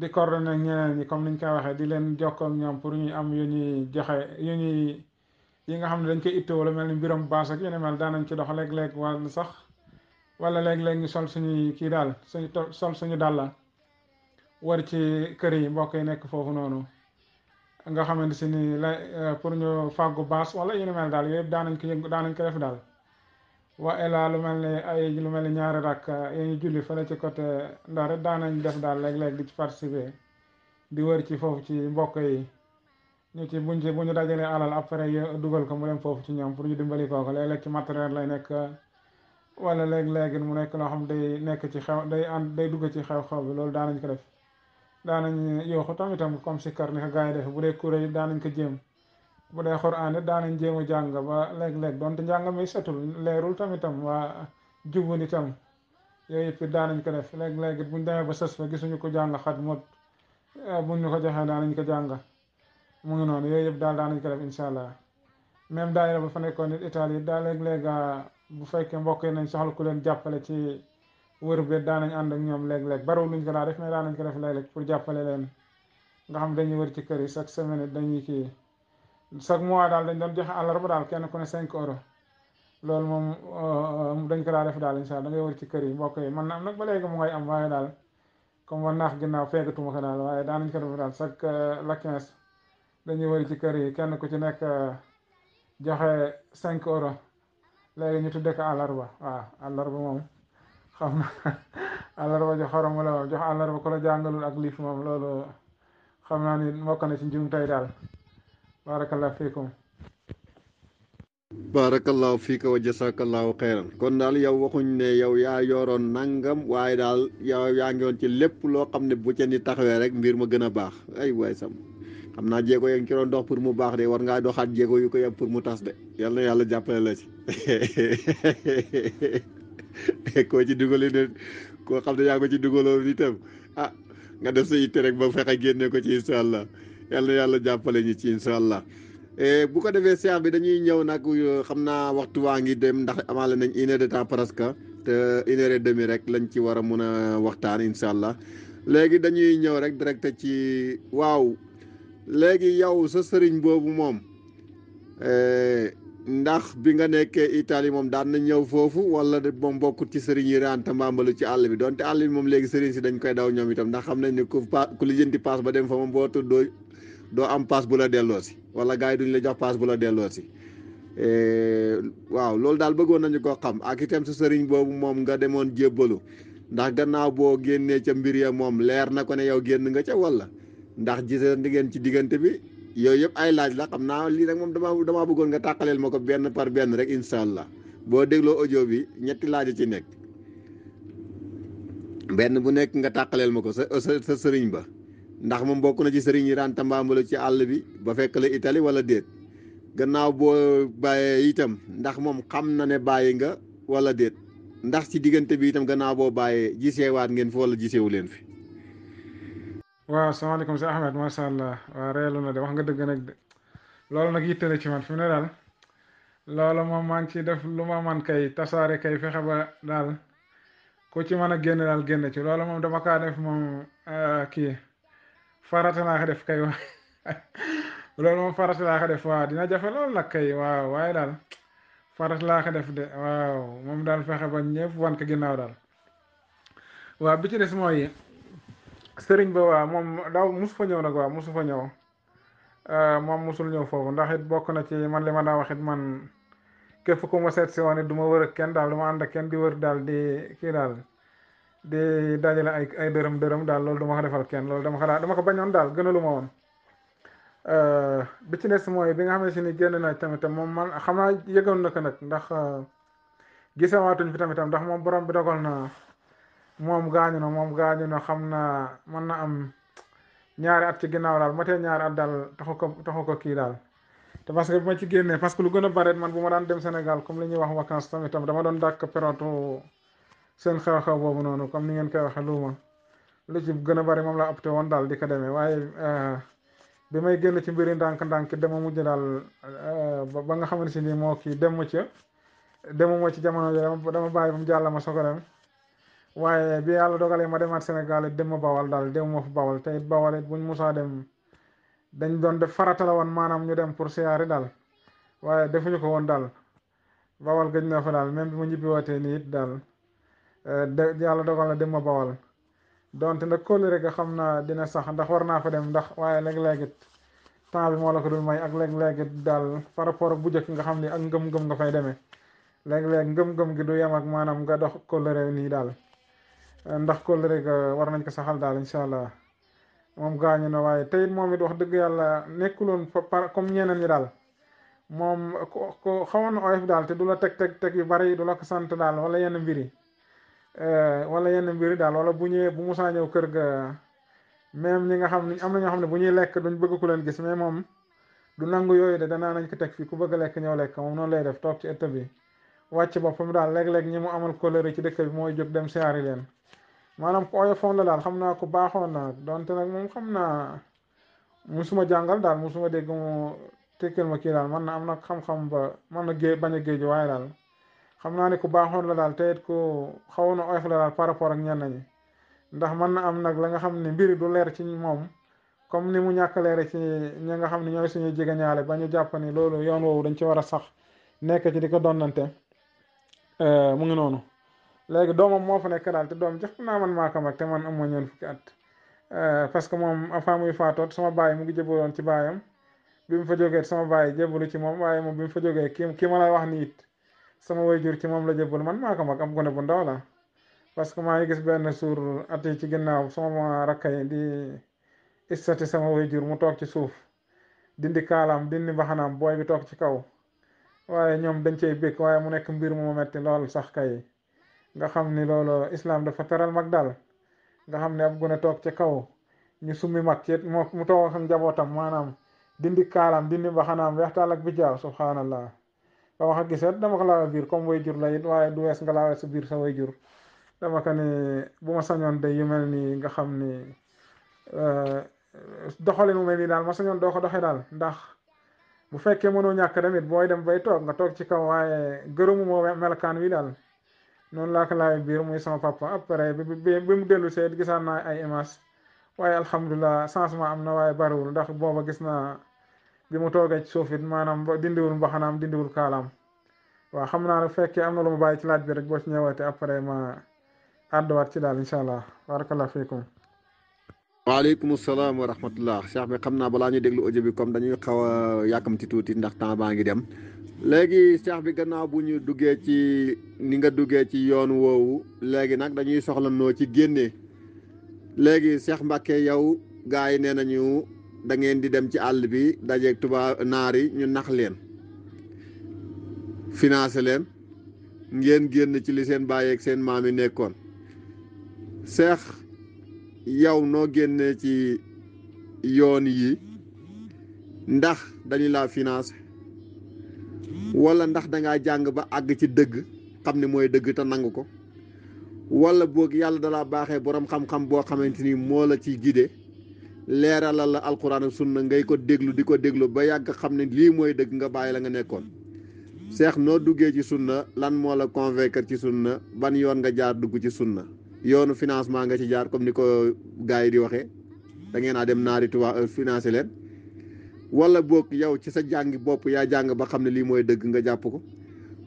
Speaker 2: di coordonné ñeneen ñi comme niñ koy waxee di leen jokkoo ñoom pour ñu am yu ñuy joxe yu ñuy yi nga xam ne dañ koy itte wala mel ni mbiram baas ak yeneen mel daanañ ci dox léeg-léeg wala sax wala léeg-léeg ñu sol suñuy kii daal suñu sol suñu dàlla war ci kër yi mbokk yi nekk foofu noonu nga xamante si ni la euh, pour ñu fàggu baas wala yu mel daal yooyu yëpp daanañ ko yëngu daanañ ko def daal wa laa lu mel ni ay lu mel ne ñaari rakk yi ñu julli fële ci côté Ndar daanañ def daal léeg-léeg di ci participer di wër ci foofu ci mbokk yi ñu ci buñ ci bu ñu dajalee alal après dugal ko mu dem foofu ci ñoom pour ñu dimbali kooku léeg-léeg ci matériel lay nekk wala léeg-léegi mu nekk loo xam day nekk ci xew day ànd day dugg ci xew-xew bi loolu daanañ ko def daanañ yooxu tamitam comme si kar ni ko gars yi defe bu dee kuréel yi daanañ ko jéem bu dee xuraan it daanañ jéem a jàng ba léeg-léeg donte njàng mi setul leerul tamitam waa jubun itam yooyu yëpp daanañ ko def léeg-léeg it buñ demee ba sës fa gisuñu ko jàng xat mot eh, buñ ñu ko joxee daanañ ko jàng mu ngi noonu yooyu yëpp daal daanañ ko def incha allah même daayira ba fa nekkoon it Italie daal léeg bu fekkee mbokk yi nañ soxla ko leen jàppale ci wër bi daanañ ànd ak ñoom léeg-léeg bariwul luñ ko daa def mais daanañ ko def léeg-léeg pour jàppale leen nga xam dañuy war ci kër yi chaque semaine dañuy kii chaque mois daal dañ doon joxe àllarba daal kenn ku ne cinq euro loolu moom euh, dañ ko daa def daal incha da ngay wër ci kër yi mbokk yi man na am nag ba léegi mu ngay am waaye daal comme war naax ginnaaw feggatuma ko daal waaye daanañ ko def daal chaque euh, la quinze dañuy wër ci kër yi kenn ku ci nekk euh, joxe cinq euro léegi ñu tuddee ko àllarba waaw àllarba moom xam na àllarba jox xaram la moom ak liif moom loolu xam naa ni mbokk na ci njum tey daal barakallahu fiikum
Speaker 1: barakallahu fiika wa jasakallahu xeyran kon daal yow waxuñ ne yow yaa yoroon nangam waaye daal yow yaa ngi woon ci lépp loo xam ne bu ca ni taxawee rek mbir ma gën a baax ay waay xam jego yeng ya ci ron dox pour mu bax de war nga doxat jego yu ko yeb pour mu tass de yalla yalla jappale la ci ko ci dugol ni ko xam ne ko ci ni tam ah nga def sey yitte ba fexé genné ko ci inshallah yalla yalla jappale yàlla ci inshallah eh bu ko defé seex bi dañuy ñew nak euh, xamna waxtu dem ndax amale nañ une heure de temps presque te une heure et demi rek lañ ci wara mëna waxtaan inshallah allah dañuy ñëw rek direct ci waw léegi yow sa sëriñ boobu moom eh, ndax bi nga nekkee Italie moom daan na ñëw foofu wala moom bokkut ci sëriñ yi ren Tambambalu ci àll bi donte àll bi moom léegi sëriñ si dañ koy daw ñoom itam ndax xam nañ ne ku pa ku lijjanti paas ba dem fa moom boo tuddoo doo am paas bu la delloo si wala gars yi duñ la jox paas bu la delloo si eh, waaw loolu daal bëggoon nañu ko xam ak itam sa sëriñ boobu moom nga demoon jébbalu ndax gannaaw boo génnee ca mbir ya moom leer na ko ne yow génn nga ca wala. ndax gisante ngeen ci diggante bi yooyu yëpp ay laaj la xam naa lii nag moom dama dama bëggoon nga tàqaleel ma ko benn par benn rek incha allah boo dégloo audio bi ñetti laaj ci nekk benn bu nekk nga tàqaleel ma ko sa sa sëriñ ba ndax moom bokk na ci sëriñ yi daan tambaambalu ci àll bi ba fekk la Italie wala déet gannaaw boo bàyyee itam ndax moom xam na ne bàyyi nga wala déet ndax ci diggante bi itam gannaaw boo bàyyee waat ngeen fi wala giseewu fi
Speaker 2: waaw salaamaaleykum si Ahmed macha allah waaw reelu na de wax nga dëgg nag de loolu nag yitte ci man fi mu ne daal loolu moom maa ngi ciy def lu ma man kay tasaare kay fexe ba daal ku ci mën a génne daal génn ci loolu moom dama kaa def moom ah, ki farata laa ko def kay waaw loolu laa ko def waaw dina jafe loolu nag kay waaw waaye daal farata laa ko def de waaw moom daal fexe ba ñëpp wan ka ginnaaw daal waaw bi ci des mooy. sëriñ ba waaw moom daaw mosu fa ñëw nag waaw mosu fa ñëw euh, moom mosul ñëw foofu ndaxit bokk na ci man li ma daa wax man képp ku ma seet si woon it du ma wër ak kenn daal du ma ànd ak kenn di wër daal di kii daal di dajale ay ay dërëm dërëm daal loolu du ma ko defal kenn loolu dama ko daal dama ko bañoon daal gënalu ma woon euh, bi ci des mooy bi nga xam si ni génn na tamit moom man xamaa naa yëgoon na ko nag ndax euh, gisawaatuñ fi tamit ndax moom borom bi dogal na moom gaañu na moom gaañu na xam naa mën na am ñaari at ci ginnaaw daal matee ñaari at daal taxu ko taxu ko kii daal te parce que bu ma ci génnee parce que lu gën a bare man bu ma daan dem Sénégal comme li ñuy wax vacances tamit tam dama doon dàkk période seen xew-xew boobu noonu comme ni ngeen koy waxee luuma lu ci gën a bari moom laa opté woon daal di ko demee waaye euh, bi may génn ci mbiri ndànk-ndànk dama mujj daal euh, ba nga xamante ni moo kii dem ma ca demuma ci jamono bi dama bàyyi ba mu jàll ma soog waaye bi yàlla dogalee ma demaat Sénégal it dem ma bawal daal dem ma fa bawal te it bu ñu buñ musaa dem dañ doon def farata la woon maanaam ñu dem pour siyaare daal waaye defuñu ko woon daal bawal gëj na fa daal même bi ma ñibbiwaatee nii it daal eh, de yàlla dogal na dem ma bawal donte nag kóllëre ga xam naa dina sax ndax war naa fa dem ndax waaye léeg-léeg it temps moo la ko dul may ak léeg-léeg it daal par rapport bu njëkk nga xam ni ak ngëm-ngëm nga fay demee léeg-léeg ngëm-ngëm gi du ak maanaam nga dox kóllëre nii Eh, ndax kóllëre ga war nañ ko saxal daal incha allah moom gaañu na waaye tey moom it wax dëgg yàlla nekkuloon par comme ñeneen ñi daal moom ko xawoon na oyof daal te du la teg teg teg yu bari du la ko sant daal wala yenn mbir yi eh, wala yenn mbir yi daal wala bu ñëwee bu musaa ñëw kër ga même ñi nga xam ni am na ñoo xam ne bu ñuy lekk duñ bëgg ku leen gis mais moom du nangu yooyu de danaa nañ ko teg fii ku bëgg lekk ñëw lekk moom noonu lay def toog ci ëtt bi. wàcc boppam daal léeg-léeg ñi mu amal colère ci dëkk bi mooy jóg dem siyaari leen maanaam ku oyofoon la daal xam naa ko baaxoon na donte nag moom xam naa musuma jàngal daal musuma dégg mu tekkal ma kii daal man na am na xam-xam ba man na géej bañ a géej waaye daal xam naa ne ku baaxoon la daal te it ku xawoon na oyof la par rapport ak ñenn ñi ndax man na am nag la nga xam ne mbiri du leer ci moom comme ni mu ñàkk leere ci ñi nga xam ne ñooy suñuy jegeñaale ba ñu jàpp ni loolu yoon woowu dañ ci war a sax nekk ci di ko donnante Eh, mu ngi noonu léegi doomam moo fu nekk daal te doom jox naa man maa ko mag te man am ma ñoon fukki at eh, parce que moom avant muy faatoot sama baay mu ngi jébaloon ci baayam bi mu fa jógee sama baay ci moom waaye moom bi mu fa jógee kii kii a lay wax ni it sama wayjur ci moom la jébal man maa ko mag am gone bu ndaw la parce que maa ngi gis benn suur at yi ci ginnaaw sama rakka yi di istati sama wayjur mu toog ci suuf dindi kaalam dindi mbaxanaam booy bi toog ci kaw waaye ñoom dañ cey bég waaye mu nekk mbir mu metti lool sax kay nga xam ni loolu islaam dafa teral mag dal nga xam ne ab gune toog ca kaw ñu summi mag ci mu toog ak njabootam maanaam dindi kaalaam dindi mbaxanaam weextaal ak bijaaw subhanallah ba wax a giset dama ko bir biir comme way jur la it waaye du wees nga sa biir sa way dama ko ni bu ma sañoon day yu mel nga xam ni euh, doxalin mu mel nii daal ma sañoon doo ko ndax bu fekkee mënoo ñàkk tamit booy dem bay toog nga toog ci kaw waaye gërëmu moo melkaan wi daal noonu laa ko biir muy sama papa après bi bi mu dellu seet gisaan naa ay image waaye alhamdulilah changement am na waaye bariwul ndax booba gis naa bi mu toogee ci suuf it maanaam dindiwul mbaxanaam dindiwul kaalaam waa xam naa ne bu fekkee am na lu ma bàyyi ci laaj bi rek boo ci ñëwaatee après ma àdduwaat ci daal incha allah barakallahu fiikum
Speaker 1: waaleykum salaam wa rahmatullah Cheikh bi xam naa balaa ñu déglu ojo bi comme dañuy xaw a yàkkamti tuuti ndax temps baa ngi dem léegi Cheikh bi gannaaw bu ñu duggee ci ni nga duggee ci yoon woowu léegi nag dañuy soxlanoo ci génnee léegi Cheikh Mbacke yow gars yi nee nañu da ngeen di dem ci àll bi dajeeg tubaab naar yi ñu nax leen finance leen ngeen génn ci li seen bàyyeeg seen maam yi nekkoon Cheikh yow noo génnee ci yoon yi ndax dañu laa financé wala ndax dangaa jàng ba àgg ci dëgg xam ne mooy dëgg te nangu ko wala boog yàlla dalaa baaxee borom xam-xam boo xamante ni moo la ciy gide leeralal la alquran ak sunna ngay ko déglu di ko déglu ba yàgg xam ne lii mooy dëgg nga bàyyi la nga nekkoon seex noo duggee ci sunna lan moo la convaincre ci sunna ban yoon nga jaar dugg ci sunna yoonu financement nga ci jaar comme ni ko gars yi di waxee da ngeen a dem naari tubaab euh, financé leen walla boog yow ci sa jàng bopp yaa jàng ba xam ne lii mooy dëgg nga jàpp ko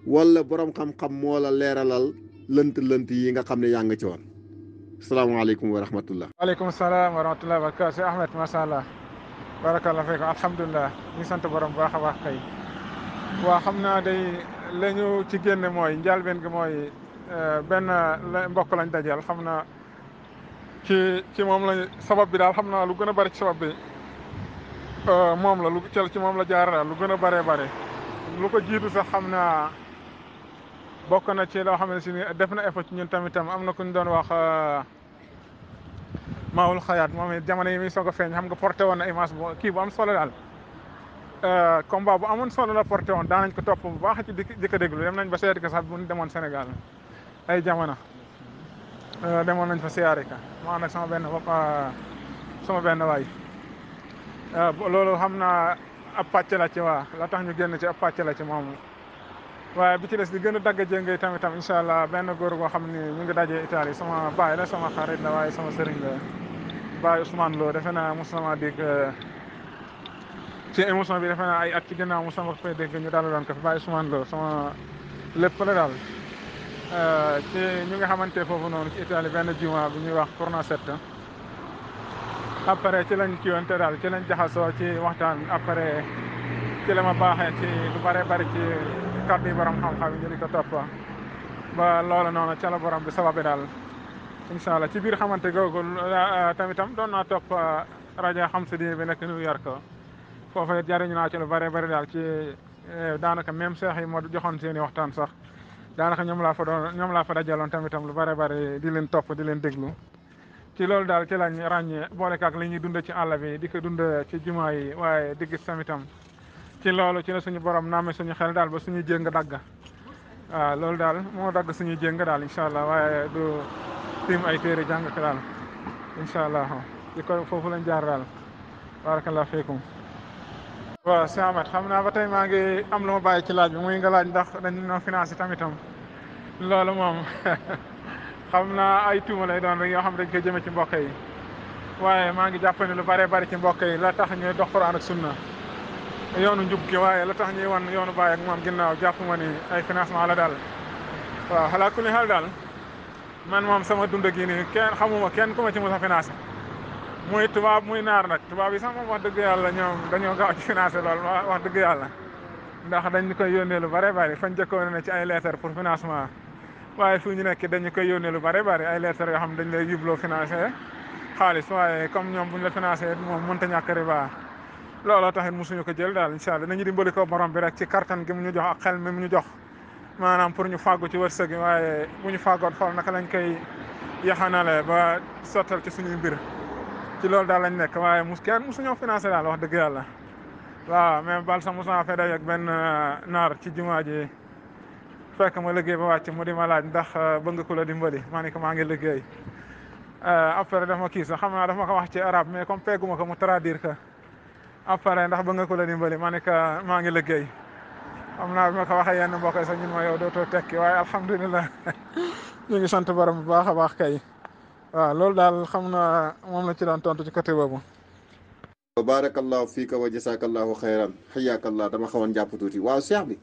Speaker 1: walla borom xam-xam moo la leeralal lënt-lënt yi nga xam ne yaa nga ci woon salaamaaleykum wa rahmatullah.
Speaker 2: waaleykum salaam wa rahmatullah barakaatu sant borom baax a baax waa xam naa day la ci génne mooy njàlbeen gi mooy. Euh, benn mbokk lañ dajeel xam na ci ci moom lañ sabab bi daal xam na lu gën a bari ci sabab bi euh, moom la lu cel ci moom la jaar lu gën a baree bare lu ko jiitu sax xam na bokk na ci loo xam ne si ni def na effort ci ñun tamit am na ku ñu doon wax euh, maawul xayaat moom it jamono yi muy soog a feeñ xam nga porté woon na image bu kii bu am solo daal combat bu amoon solo la porté woon daanañ ko topp bu baax ci di ko déglu dem nañ ba seet ko sax bu ñu demoon Sénégal ay jamono euh, demoon nañ fa siyaare ka ma ànd ak sama benn sama benn waay euh, loolu xam naa ab pàcc la ci waa la tax ñu génn ci ab pàcc la ci moomu waaye bi ci des di gën a dagg jéngay tamit tam incha allah benn góor goo xam ni ñu ngi dajee Italie sama baay la sama xarit la waaye sama sëriñ la baay Ousmane loo defe naa mos na maa dégg euh, ci émission bi defe naa ay at ci ginnaaw mos ma koy dégg ñu daal doon ko fi baay Ousmane Lo sama lépp la daal. Euh, ci ñu nga xamante foofu noonu ci Italie benn juma bu ñuy wax Fornasetto après ci lañ kiwante daal ci lañ jaxasoo ci waxtaan après ci la ma baaxee ci lu bare bari ci kàddu yi xam-xam ñu di ko topp ba loola noonu ca la bi sababi daal incha ci biir xamante googu euh, tamitam doon naa topp euh, rajo xam si diine bi nekk New York foofu jariñu naa ci lu bare bari daal ci daanaka même seex yi moo joxoon seen i waxtaan sax danaka ñom nyamla fa doon ñom la fa tamitam lu bare bare di leen top di leen deglu ci lool dal ci lañ ràññee boole kak li dund ci Allah bi di ko dund ci juma yi waaye di gis tamitam ci loolu ci la suñu borom naame suñu xel dal ba suñu jeng dagga ah lool dal mo dagg suñu jeng dal inshallah waye du tim ay fere jang ko dal inshallah ko lañ jaar dal barakallah fekum waaw si Amath xam naa ba tey maa ngi am lu ma bàyyi ci laaj bi muy nga laaj ndax dañ noo financé tamitam loolu moom xam naa ay tuuma lay doon rek yoo xam dañ koy jëme ci mbokk yi waaye maa ngi jàpp ne lu bëree bëri ci mbokk yi la tax ñuy dox Quraan ak sunna yoonu njub gi waaye la tax ñuy wan yoonu bàyyi ak moom ginnaaw jàpp ma ni ay financement la daal waaw xalaa ku li xel daal man moom sama dund gi nii kenn xamuma kenn ku ci mos a muy tubaab muy naar nag tubaab yi sax moom wax dëgg yàlla ñoom dañoo gaaw ci financé lool wax dëgg yàlla ndax dañ koy yónnee lu bare bari fañ jëkkoon ne ci ay lettre pour financement waaye fii ñu nekk dañu koy yónnee lu bare bari ay lettre yoo xam dañ lay yubloo financé xaalis waaye comme ñoom bu ñu la financé moom mënta ñàkk riba looloo taxit suñu ko jël daal incha allah nañu dimbali ko borom bi rek ci kartan gi mu ñu jox ak xel mi mu ñu pour ñu fàggu ci wërsëg yi waaye bu ñu fàggoon xool naka lañ koy yaxanale ba sottal ci suñuy mbir ci loolu daal lañu nekk waaye mos kenn mosuñoo financé daal wax dëgg yàlla waaw même bal sax mos naa fee dajeeg benn euh, naar ci jumaa ji fekk ma liggéey ba wàcc mu di ma ndax euh, bëgg ku dimbali maa ne ko maa ngi liggéey euh, après dafa ma kii sax xam naa dafa ma ko wax ci arabe mais comme peggu ma ko mu traduire que après ndax bëgg ku la dimbali maa ne ko maa ngi liggéey xam naa bi ma ko waxee yenn mbokk yi sax ñun ma yow dootoo tekki waaye alhamdulilah ñu ngi sant borom bu baax a baax kay. waaw loolu daal xam naa moom la ci daan tontu ci côté boobu.
Speaker 1: waaw baarakallahu fiika wa jasakallahu xayran xiyaakallah dama xawoon jàpp tuuti waaw cheikh bi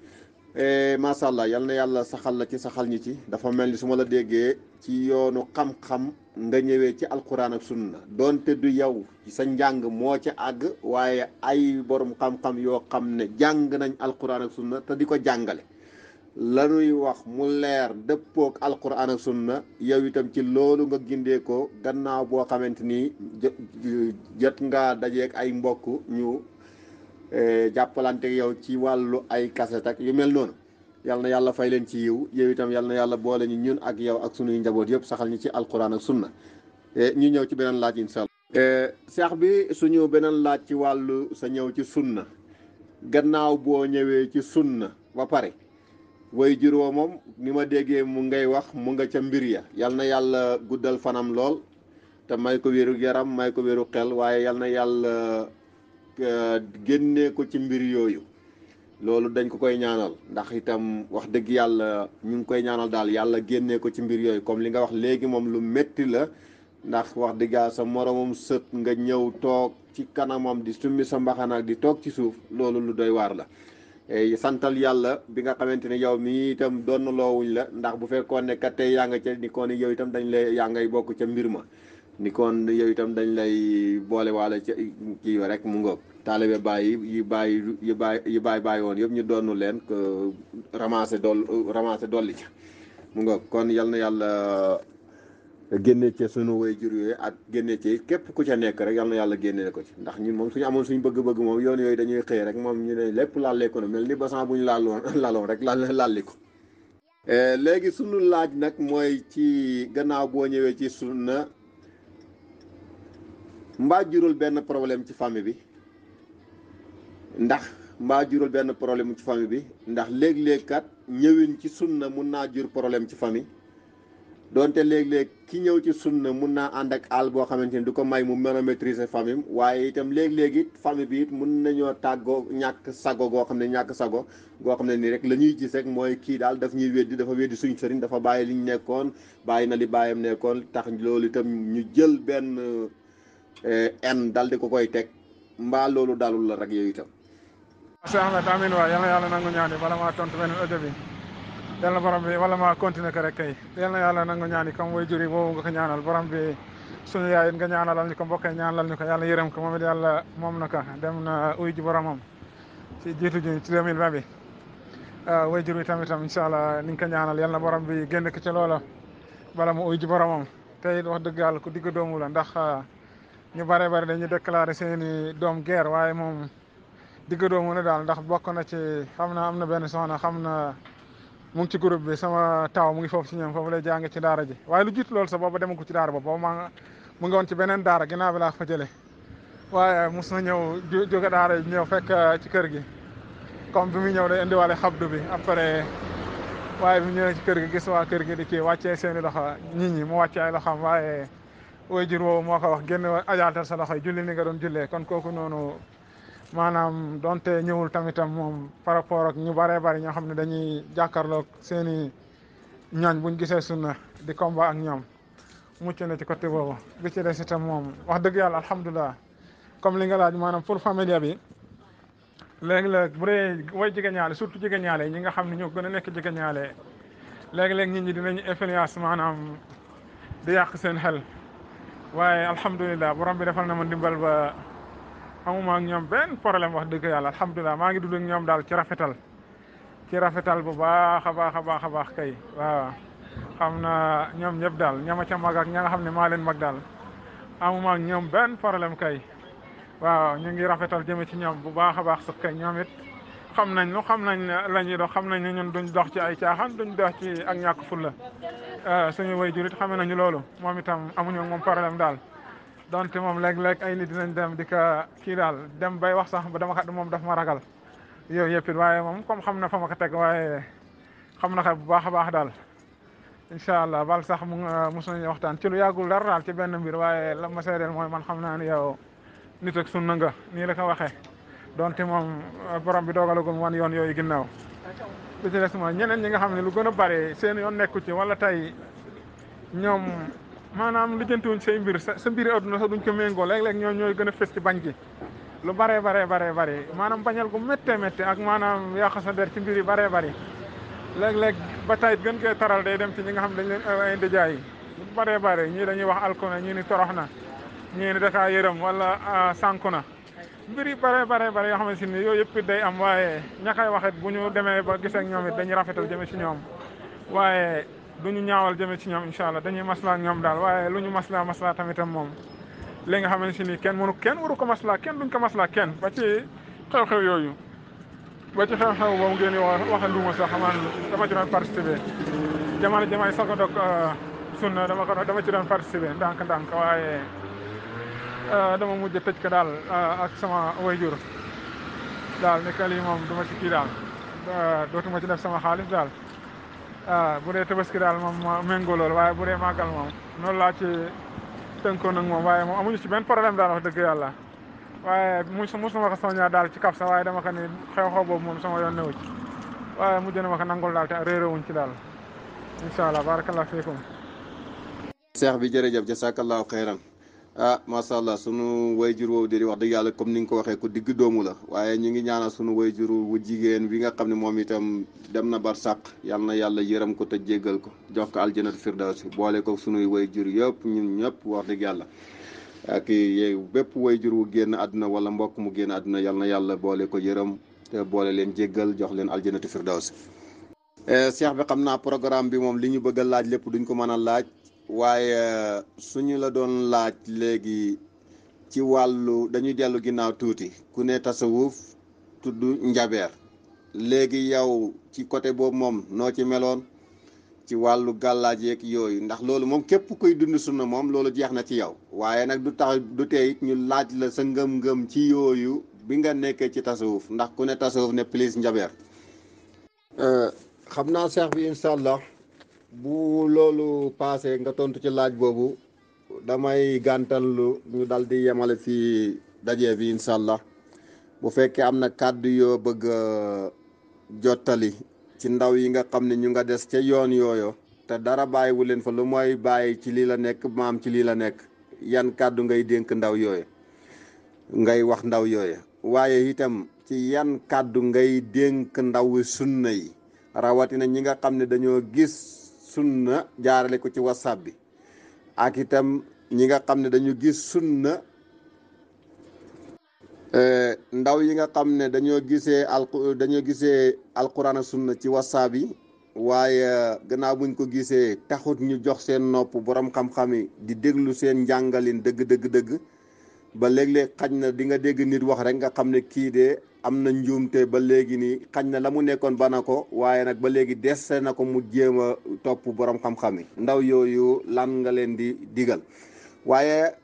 Speaker 1: eh, macha allah yal na yàlla saxal la ci saxal ñi ci dafa mel ni su ma la déggee ci yoonu xam-xam nga ñëwee ci alquran ak sunna doonte du yow sa njàng moo ci àgg waaye ay borom xam-xam yoo xam ne jàng nañ alquran ak sunna te di ko jàngale. lanuy wax mu leer dëppook alquran ak sunna yow itam ci loolu nga gindee ko gannaaw boo xamante ni jot nga dajeek ay mbokk ñu e, jàppalante yow ci wàllu ay kaset ak yu mel noonu yal na yàlla fay leen ci yiw yow itam yàlla yàlla boole ñu ñun ak yow ak sunuy njaboot yëpp saxal ñu ci alquran ak sunna e, ñu ñëw ci beneen laaj incha allah. seex bi su suñu beneen laaj ci wàllu sa ñëw ci sunna gannaaw boo ñëwee ci sunna ba pare. way juróom moom ni ma déggee mu ngay wax mu nga ca mbir ya yal na yàlla guddal fanam lool te may ko wéru yaram may ko wéru xel waaye yal na yàlla euh, génnee ko ci mbir yooyu loolu dañ ko koy ñaanal ndax itam wax dëgg yàlla ñu ngi koy ñaanal daal yàlla génnee ko ci mbir yooyu comme li nga wax léegi moom lu metti la ndax wax dëgg sa moromam sët nga ñëw toog ci kanamam di summi sa mbaxanaak di toog ci suuf loolu lu doy waar la santal yàlla bi nga xamante ne yow mi itam donnu na loowuñ la ndax bu fekkoon ne kat tey yaa nga ca ni koon yow itam dañ lay yaa ngay bokk ca mbir ma ni koon yow itam dañ lay boole waale ca kii rek mu ngoog taalibe bàyyi yi bàyyi yi bàyyi yi bàyyi bàyyi woon yëpp ñu doonu leen ramassé dool ramassé dolli ca mu ngoog kon yal na yàlla génne ci sunu way jur yooyu ak génne ci képp ku ca nekk rek yàlla na yàlla génne ko ci ndax ñun moom suñu amoon suñu bëgg-bëgg moom yoon yooyu dañuy xëy rek moom ñu ne lépp lalle na mel ni basan bu ñu laaloon laloon rek lal lalli eh, léegi sunu laaj nag mooy ci gannaaw boo ñëwee ci sunna mbaa jurul benn problème ci famille bi ndax mbaa jurul benn problème ci famille bi ndax léeg-léeg kat ñëwin ci sunna mun naa jur problème ci famille doonte léeg-léeg ki ñëw ci suñ na mun naa ànd ak àll boo xamante ni du ko may mu mën a maîtriser famille waaye itam léeg-léeg it famille bi mun nañoo tàggoo ñàkk sago goo xam ne ñàkk sago goo xam ne nii rek la ñuy gis rek mooy kii daal daf ñuy weddi dafa weddi suñu sëriñ dafa bàyyi li ñu nekkoon bàyyi na li bàyyam nekkoon tax loolu itam ñu jël benn eh, en dal di ko koy teg mbaa loolu dalul la rek yooyu itam.
Speaker 2: asalaamaaleykum amiin waay yal na yàlla nangu ñaan bala maa tontu beneen audio bi. yalla borom bi wala ma continuer ko rek kay yalla yalla yàlla nangu ñaani kam way juri boobu nga ko ñaanal borom bi suñu yaay nga ñaanal ñu ko mbokk ñaanal ñu ko yalla yërem ko moom yalla mom naka dem na uy ji boromam ci jitu ji ci 2020 bi ah way juri wi tam inshallah allah ni nga ko ñaanal yalla borom bi genn ko ci lolo bala mu uy ji boromam tay wax deug yalla ku digg doomu la ndax ah, ñu bare bare dañu déclarer seeni doom guerre waye mom digg doomu la dal ndax bokk na ci xamna amna am benn soxna xamna mu ngi ci groupe bi sama taw mu ngi foofu ci ñoom foofu lay jàng ci daara ji waaye lu jiitu loolu sax booba demagu ci daara ba booba maa mu ngi woon ci beneen daara ginnaaw bi laa fa jëlee waaye mos na ñëw jóge daara yi ñëw fekk uh, ci kër gi comme bi muy ñëw day indiwaale xabdu bi après waaye bi ñëwee ci kër gi gis waa kër gi di kii wàccee seen loxo nit ñi mu wàccee ay loxoom waaye waajur woowu moo ko wax génn ajaatal sa loxo yi julli ni nga doon jullee kon kooku noonu manam donte ñewul tamitam mom par rapport ak ñu bare bare ñoo xamne dañuy jakarlo seeni ñaan buñu gisé sunna di combat ak ñom muccu na ci côté bobu bi ci dess tam mom wax deug yalla alhamdullah comme li nga laaj manam pour familia bi leg leg bu re way jegeñaale surtout jegeñaale ñi nga xamne ñoo gëna a nekk jegeñaale leg leg nit ñi dinañu influence manam di yak seen xel waye alhamdulilah borom bi defal na ma dimbal ba xamuma ak ñoom benn problème wax dëgg yàlla alhamdulilah maa ngi dund ak ñoom daal ci rafetal ci rafetal bu baax a baax a baax a baax kay waaw xam na ñoom ñëpp daal ñama ca mag ak ña nga xam ne maa leen mag daal xamuma ak ñoom benn problème kay waaw ñu ngi rafetal jëme ci ñoom bu baax a baax sax kay ñoom it xam nañ nu xam nañ la ñuy dox xam nañ ne ñun duñ dox ci ay caaxaan duñ dox ci ak ñàkk fulla euh, suñu way jurit xame nañu loolu moom itam amuñu moom problème daal donte moom léeg-léeg ay nit dinañ dem di kii daal dem bay wax sax dama xam moom daf ma ragal yow yëpp waaye moom comme xam na fa ma ko teg waaye xam na ko bu baax a baax daal incha allah bal sax mu mos nañu waxtaan ci lu yàggul dara daal ci benn mbir waaye la ma seedeel mooy man xam naa ni yow nit ak sunna nga nii la waxe waxee donte moom borom bi doogalagul wan yoon yooyu ginnaaw. bi ñeneen ñi nga xam ne lu gën a bari seen yoon nekku ci wala tey ñoom. maanaam lijjantiwuñ say mbir sa sa mbiri adduna sax duñ ko méngoo léeg-léeg ñoo ñooy gën a fës ci bañ gi lu baree baree baree maanaam bañal gu méttee méttee ak maanaam yàq sa der ci mbir yi baree bari léeg-léeg ba tey gën koy taral day dem ci ñi nga xam dañ leen ay ndijaay yi lu baree bare ñii dañuy wax alku na ñii ni torox na ñii ni dakaa yërëm wala sànku na mbir yi bare bare bare yoo xamante ni yooyu yëpp day am waaye ña kay wax bu ñu demee ba gis ak ñoom it dañuy rafetal jëme si ñoom duñu ñaawal jëme ci ñoom incha allah dañuy maslaa ñoom daal waaye lu ñu maslaa maslaa tamitam moom li nga xamante si ni kenn mënu kenn waru ko maslaa kenn duñ ko maslaa kenn ba ci xew-xew yooyu ba ci xew-xew boobu ngeen di wax waxa luuma sax man dama ci doon participer jamono jamaay sax dog euh, sunna dama ko dama ci doon participer ndànk ndànk waaye euh, dama mujj tëj ko daal euh, ak sama wayjur daal ne moom duma ci kii dootuma ci def sama xaalis daal ah bu dee tabaski daal moom moo méngoo loolu waaye bu dee màggal moom noonu laa ci tënkoon ak moom waaye moom amuñu ci benn problème daal wax dëgg yàlla waaye mos mosuma ko daal ci kap sa waaye dama ko ni xew-xew boobu moom sama yoon newu ci waaye mujj na ma ko nangul daal te réerewuñ ci daal incha allah barakallah fiikum.
Speaker 1: seex bi jërëjëf jazakallahu xeyran ah macha allah sunu jur woowu di wax dëgg yàlla comme ni nga ko waxee ko digg doomu la waaye ñu ngi ñaana sunu wayjur wu jigéen bi nga xam ne moom itam dem na bar sàq yal na yàlla yërëm ko te jéggal ko jox ko aljanatu si boole ko sunuy jur yëpp ñun ñëpp wax dëgg yàlla. ak yow bépp wayjur wu génn àdduna wala mbokk mu génn àdduna yal na yàlla boole ko yërëm te boole leen jéggal jox leen aljanatu firdawsi. Eh, Cheikh bi xam naa programme bi moom li ñu bëgg laaj lépp duñ ko mën a laaj. waaye suñu la doon laaj léegi ci wàllu dañuy dellu ginnaaw tuuti ku ne tasawuf tudd njabeer léegi yow ci côté boobu moom noo ci meloon ci wàllu gàllaaj yeeg yooyu ndax loolu moom képp kuy dund sunna moom loolu jeex na ci yow waaye nag du tax du tey it ñu laaj la sa ngëm-ngëm ci yooyu bi nga nekkee ci tasawuf ndax ku ne tasawuf ne plus njabeer euh, xam naa seex bi incha allah bu loolu passé nga tontu ci laaj boobu damay gàntanlu ñu dal di yemale fii daje bi incha allah bu fekkee am na kàddu yoo bëgg jottali ci ndaw yi nga xam ne ñu nga des ca yoon yooyo te dara bàyyiwu leen fa lu mooy bàyyi ci lii la nekk maam ci lii la nekk yan kàddu ngay dénk ndaw yooya ngay wax ndaw yooya waaye itam ci yan kàddu ngay dénk ndaw sunna yi rawatina ñi nga xam ne dañoo gis sunna jaarale ko ci whatsapp bi ak itam ñi nga xamne dañu gis sunna eh, ndaw yi nga xamne dañu gisé al dañu gisé alquran qur'an sunna ci whatsapp bi waye gannaaw buñ ko gisé taxut ñu jox seen nopp borom xam xami di déglu seen deug deug deug ba léeg-léeg xañ na di nga dégg nit wax rek nga xam ne kii de am na njuumte ba léegi nii xañ na la mu nekkoon bana ko waaye nag ba léegi dese na ko mu jéem a topp boroom xam-xam yi ndaw yooyu lan nga leen di digal waaye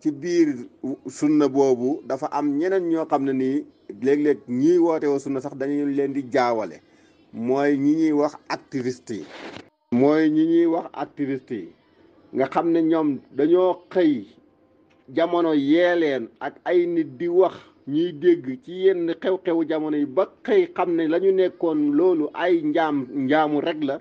Speaker 1: ci biir sunna boobu dafa am ñeneen ñoo xam ne nii léeg-léeg ñiy woote woo sunna sax dañu leen di jaawale mooy ñi ñuy wax activiste yi mooy ñi ñuy wax activiste yi nga xam ne ñoom dañoo xëy jamono yee leen ak ay nit di wax ñuy dégg ci yenn xew-xewu jamono yi ba xëy xam ne lañu nekkoon loolu ay njaam njaamu rek la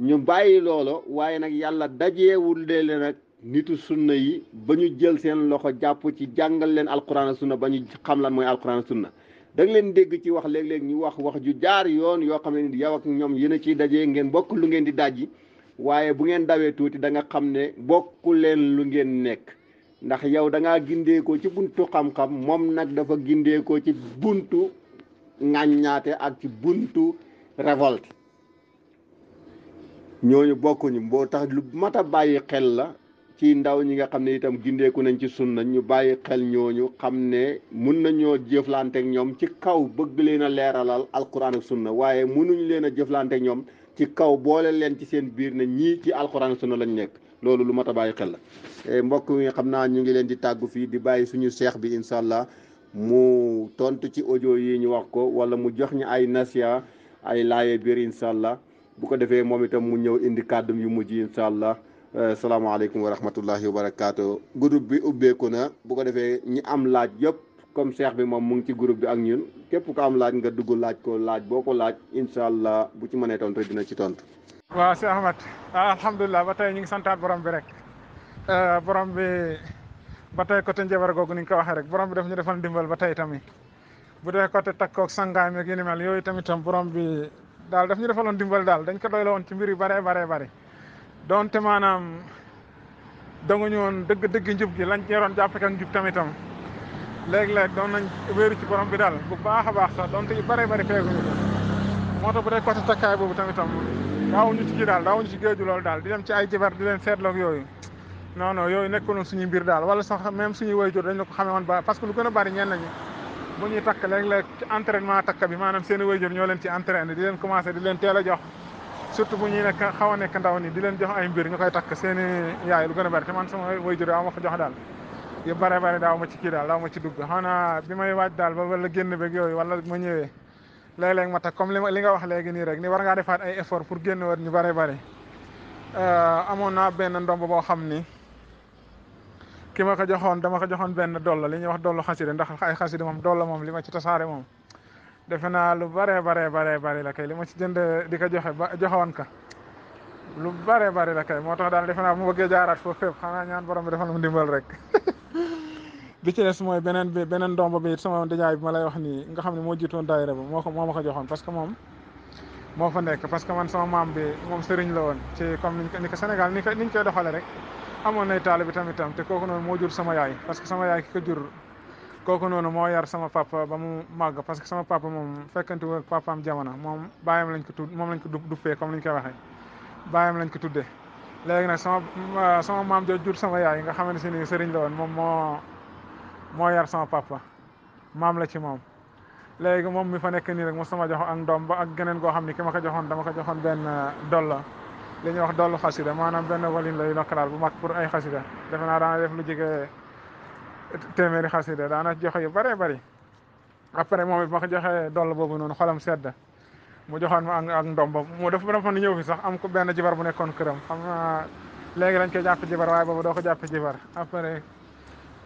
Speaker 1: ñu bàyyi loolo waaye nag yàlla dajewul de leen ak nitu sunna yi ba ñu jël seen loxo jàpp ci jàngal leen alquran sunna ba ñu xam lan mooy alquran sunna da nga leen dégg ci wax léeg-léeg ñu wax wax ju jaar yoon yoo xam ne yow ak ñoom yéen a ciy dajee ngeen bokk lu ngeen di dajji waaye bu ngeen dawee tuuti da nga xam ne bokku leen lu ngeen nekk ndax yow da ngaa gindeekoo ci buntu xam-xam moom nag dafa gindeekoo ci buntu ŋàññaate ak ci buntu révolte ñooñu bokkuñu boo tax lu mat a bàyyi xel la ci ndaw ñi nga xam ne itam gindeeku nañ ci sunna ñu bàyyi xel ñooñu xam ne mun nañoo jëflanteek ñoom ci kaw bëgg leen a leeralal alquran ak na waaye munuñ leen a jëflanteek ñoom ci kaw boole leen ci seen biir ne ñii ci alquran ak sunna lañ nekk. loolu lu mat a bàyyi xel la eh, mbokk mi xam naa ñu ngi leen di tàggu fii di bàyyi suñu seex bi insha allah mu tontu ci audio yi ñu wax ko wala mu jox ñu ay nasiya ay laaye biir incha allah bu ko defee moom itam mu ñëw indi kàddum yu mujj incha allah eh, salaamaaleykum wa rahmatullahi wa barakaatu groupe bi ubbeeku na bu ko defee ñi am laaj yëpp comme seex bi moom mu ngi ci groupe bi ak ñun képp ko am laaj nga dugg laaj ko laaj boo ko laaj incha allah bu ci mënee tontu dina ci tontu.
Speaker 2: waaw si Ahmad ah, alhamdulilah ba tey ñu ngi santaat borom bi rek eh, borom bi ba tey côté njabar googu ni nga ko waxee rek borom bi daf ñu defal ndimbal ba tey tamit bu dee côté takkoog sangaay meeg yu yooyu tamit tam bi daal daf ñu defaloon ndimbal daal dañ ko doyloo woon ci mbir yu bëree bëree bëri donte maanaam danguñu woon dëgg-dëgg njub gi lañ ñoroon jàppe ak njub tamitam léeg-léeg doon nañ wéeru bi daal bu baax a baax sax donte yu bëree bëri moo tax bu dee côté takkaay tamitam daawuñu ci kii daal daawuñu ci géeju loolu daal di dem ci ay jabar di leen seetloo ak yooyu non non yooyu nekkoon suñu mbir daal wala sax même suñuy waajur dañ la ko xamee a bari ñenn ñi bu ñuy takk léeg-léeg ci entraînement takk bi maanaam seen i waajur ñoo leen ci entraîné di leen commencé di leen teel a jox surtout bu ñuy nekk a nekk ndaw ni di leen jox ay mbir ñu koy takk seen i yaay lu a bari te man sama waajur daaw ma jox daal yu bare bari daaw léeg-léeg ma teg comme li nga wax legui ni rek ni war nga defat ay effort pour génn wër ñu bare bare euh amona ben ndomb bo xamni kima ko joxone dama ko joxone ben dolla li ñu wax dollu xasside ndax ay xasside mom dolla mom lima ci tassare mom defena lu bare bare bare bare la kay lima ci jënd di ko joxe joxawon ka lu bare bare la kay motax dal defena defe naa bu ma bëggee jaaraat foofu fépp ñaan borom bi defal mu dimbal rek bi ci des mooy beneen bi beneen ndomb bi it sama nijaay bi ma lay wax nii nga xam ne moo jiitoon daayira ba moo ko moo ma ko joxoon parce que moom moo fa nekk parce que man sama maam bi moom sëriñ la woon ci ni ko Sénégal ni ko niñ koy doxale rek amoon nay moo jur sama yaay parce que sama yaay ki ko jur kooku yar sama papa ba mu màgg parce que sama papa moom fekkante woon papaam jamono moom bàyyam lañ ko tudd moom lañ ko duppee comme liñ koy waxee bàyyam lañ ko tuddee léegi nag sama sama maam jooju jur sama yaay nga xamante ne sëriñ la woon moom moo moo yar sama papa maam la ci moom léegi moom mi fa nekk nii rek mu sama jox ak ba geneen goo xam ni ki ma ko joxoon dama ko joxoon benn uh, dolla li ñuy wax dollu xasida maanaam benn valin la yu daal bu mag pour ay xasida defe naa daana def lu jege uh, téeméeri xasida daana joxe yu bëree bëri après moom it ma ko joxee doll boobu noonu xolam sedd mu joxoon ma ak ak ndomba mu def dafa ni ñëw fi sax am ko benn jibar bu nekkoon këram xam naa léegi lañ koy jàpp jibar waaye boobu doo ko jàpp jibar après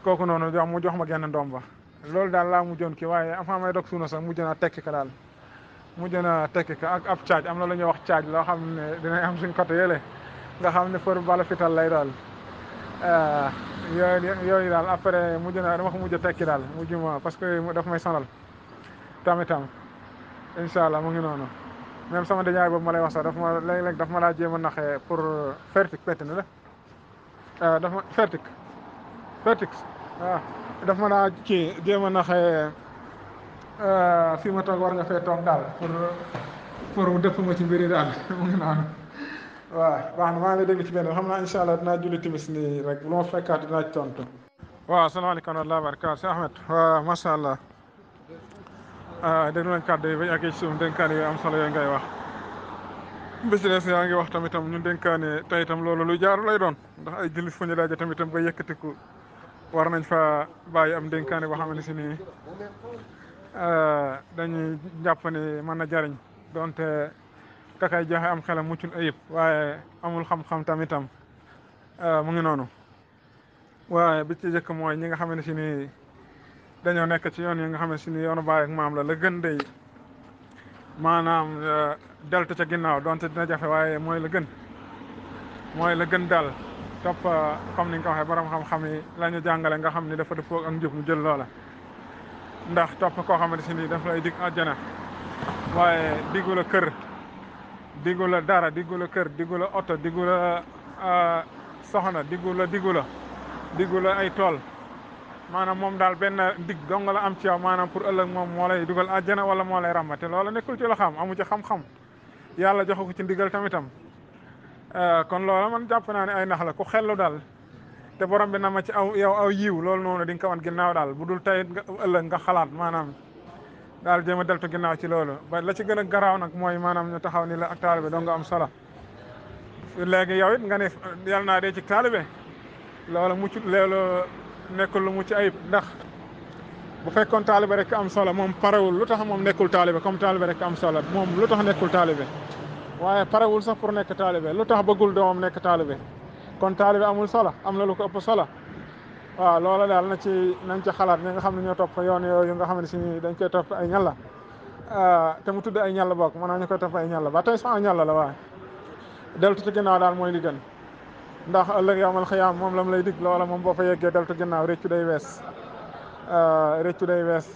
Speaker 2: kooku noonu jox mu jox ma genn ndoom ba loolu daal laa mujjoon kii waaye avant may dog suuna sax mujj naa tekki ka daal mujj naa tekki ka ak ab caaj am na lu ñuy wax caaj loo xam ne dinañ am suñ côté yële nga xam ne pour bala fital lay daal ah, yooyu yooyu daal après mujj naa dama ko mujj a tekki daal mujj ma parce que daf may sonal tamitam incha allah mu ngi noonu même sama dañaay boobu ma lay wax sax daf ma léeg-léeg daf ma laa jéem a naxee pour fertik pett na la ah, daf ma fertik Fatick waaw ah, daf ma naa kii jéem a naxee eh, fi toog war nga fee toog daal pour pour dëpp ci mbiri daal mu ngi naan waaw baax na maa ngi dégg ci benn xam naa incha allah dinaa julli timis nii rek lu ma fekkaat dinaa ci tontu. waaw salaamaaleykum wa rahmatulah barakaatu Cheikh Ahmed waaw macha allah ah, déglu nañ kàddu yi bañ ak ci suuf dénkaan yi am solo yooyu wax. business yaa ngi wax tamitam ñun dénkaane tey itam loolu lu jaaru lay doon ndax ay jullit fu ñu daje yëkkatiku. war nañ fa bàyyi am dénkaane boo xamante si ni euh, dañuy jàpp ni mën na jariñ donte kakay joxe am xelam muccul ayib waaye amul xam-xam tamitam euh, mu ngi noonu waaye bi ci njëkk mooy ñi nga xamante si ni dañoo nekk ci yoon yi nga xamante si ni yoonu baay ak maam la la gën day maanaam euh, deltu ca ginnaaw donte dina jafe waaye mooy la gën mooy la gën daal top comme ni nga ko waxee borom xam-xam yi lañu ñu jàngale nga xam ni dafa sini, ak njub ñu jël loola ndax top koo xamante si ni daf lay dig àjjana waaye digula, la kër diggu la dara digula la kër diggu la oto diggu la soxna digula la diggu la la ay tool maanaam moom daal benn dig dong la am ci yow maanaam pour ëllëg moom moo lay dugal àjjana wala moo lay ràmmate loola nekkul ci la xam amu ci xam-xam yàlla joxe ci ndigal tamitam Euh, kon loola man jàpp naa ne ay ndax la ku xellu daal te borom bi na ma ci aw yow aw yiw loolu noonu di nga ko wan ginnaaw daal bu dul tey nga ëllëg nga xalaat maanaam daal jéem a deltu ginnaaw ci loolu ba la ci gën a garaaw nag mooy maanaam ñu taxaw ni la ak taalibe doo nga am solo léegi yow it nga ne yal naa dee ci taalibe loola mucc loolu nekkul lu mucc ayib ndax bu fekkoon taalibe rek am solo moom parewul lu tax moom nekkul taalibe comme taalibe rek am solo moom lu tax nekkul taalibe waaye parewul sax pour nekk taalibe lu tax bëggul doomam nekk taalibe kon taalibe amul solo am na lu ko ëpp solo waaw loola daal na ci nañ ca xalaat ñi nga xam ne ñoo topp yoon yooyu nga xam ne si dañ koy topp ay ñalla ah, te mu tudd ay ñalla bokk maanaam ñu koy topp ay ñalla ba tey sax ay ñalla la waaye deltu ci ginnaaw daal mooy li gën ndax ëllëg yawmal xiyaam moom la lay dig loola moom boo fa yeggee deltu ginnaaw réccu day wees ah, réccu day wees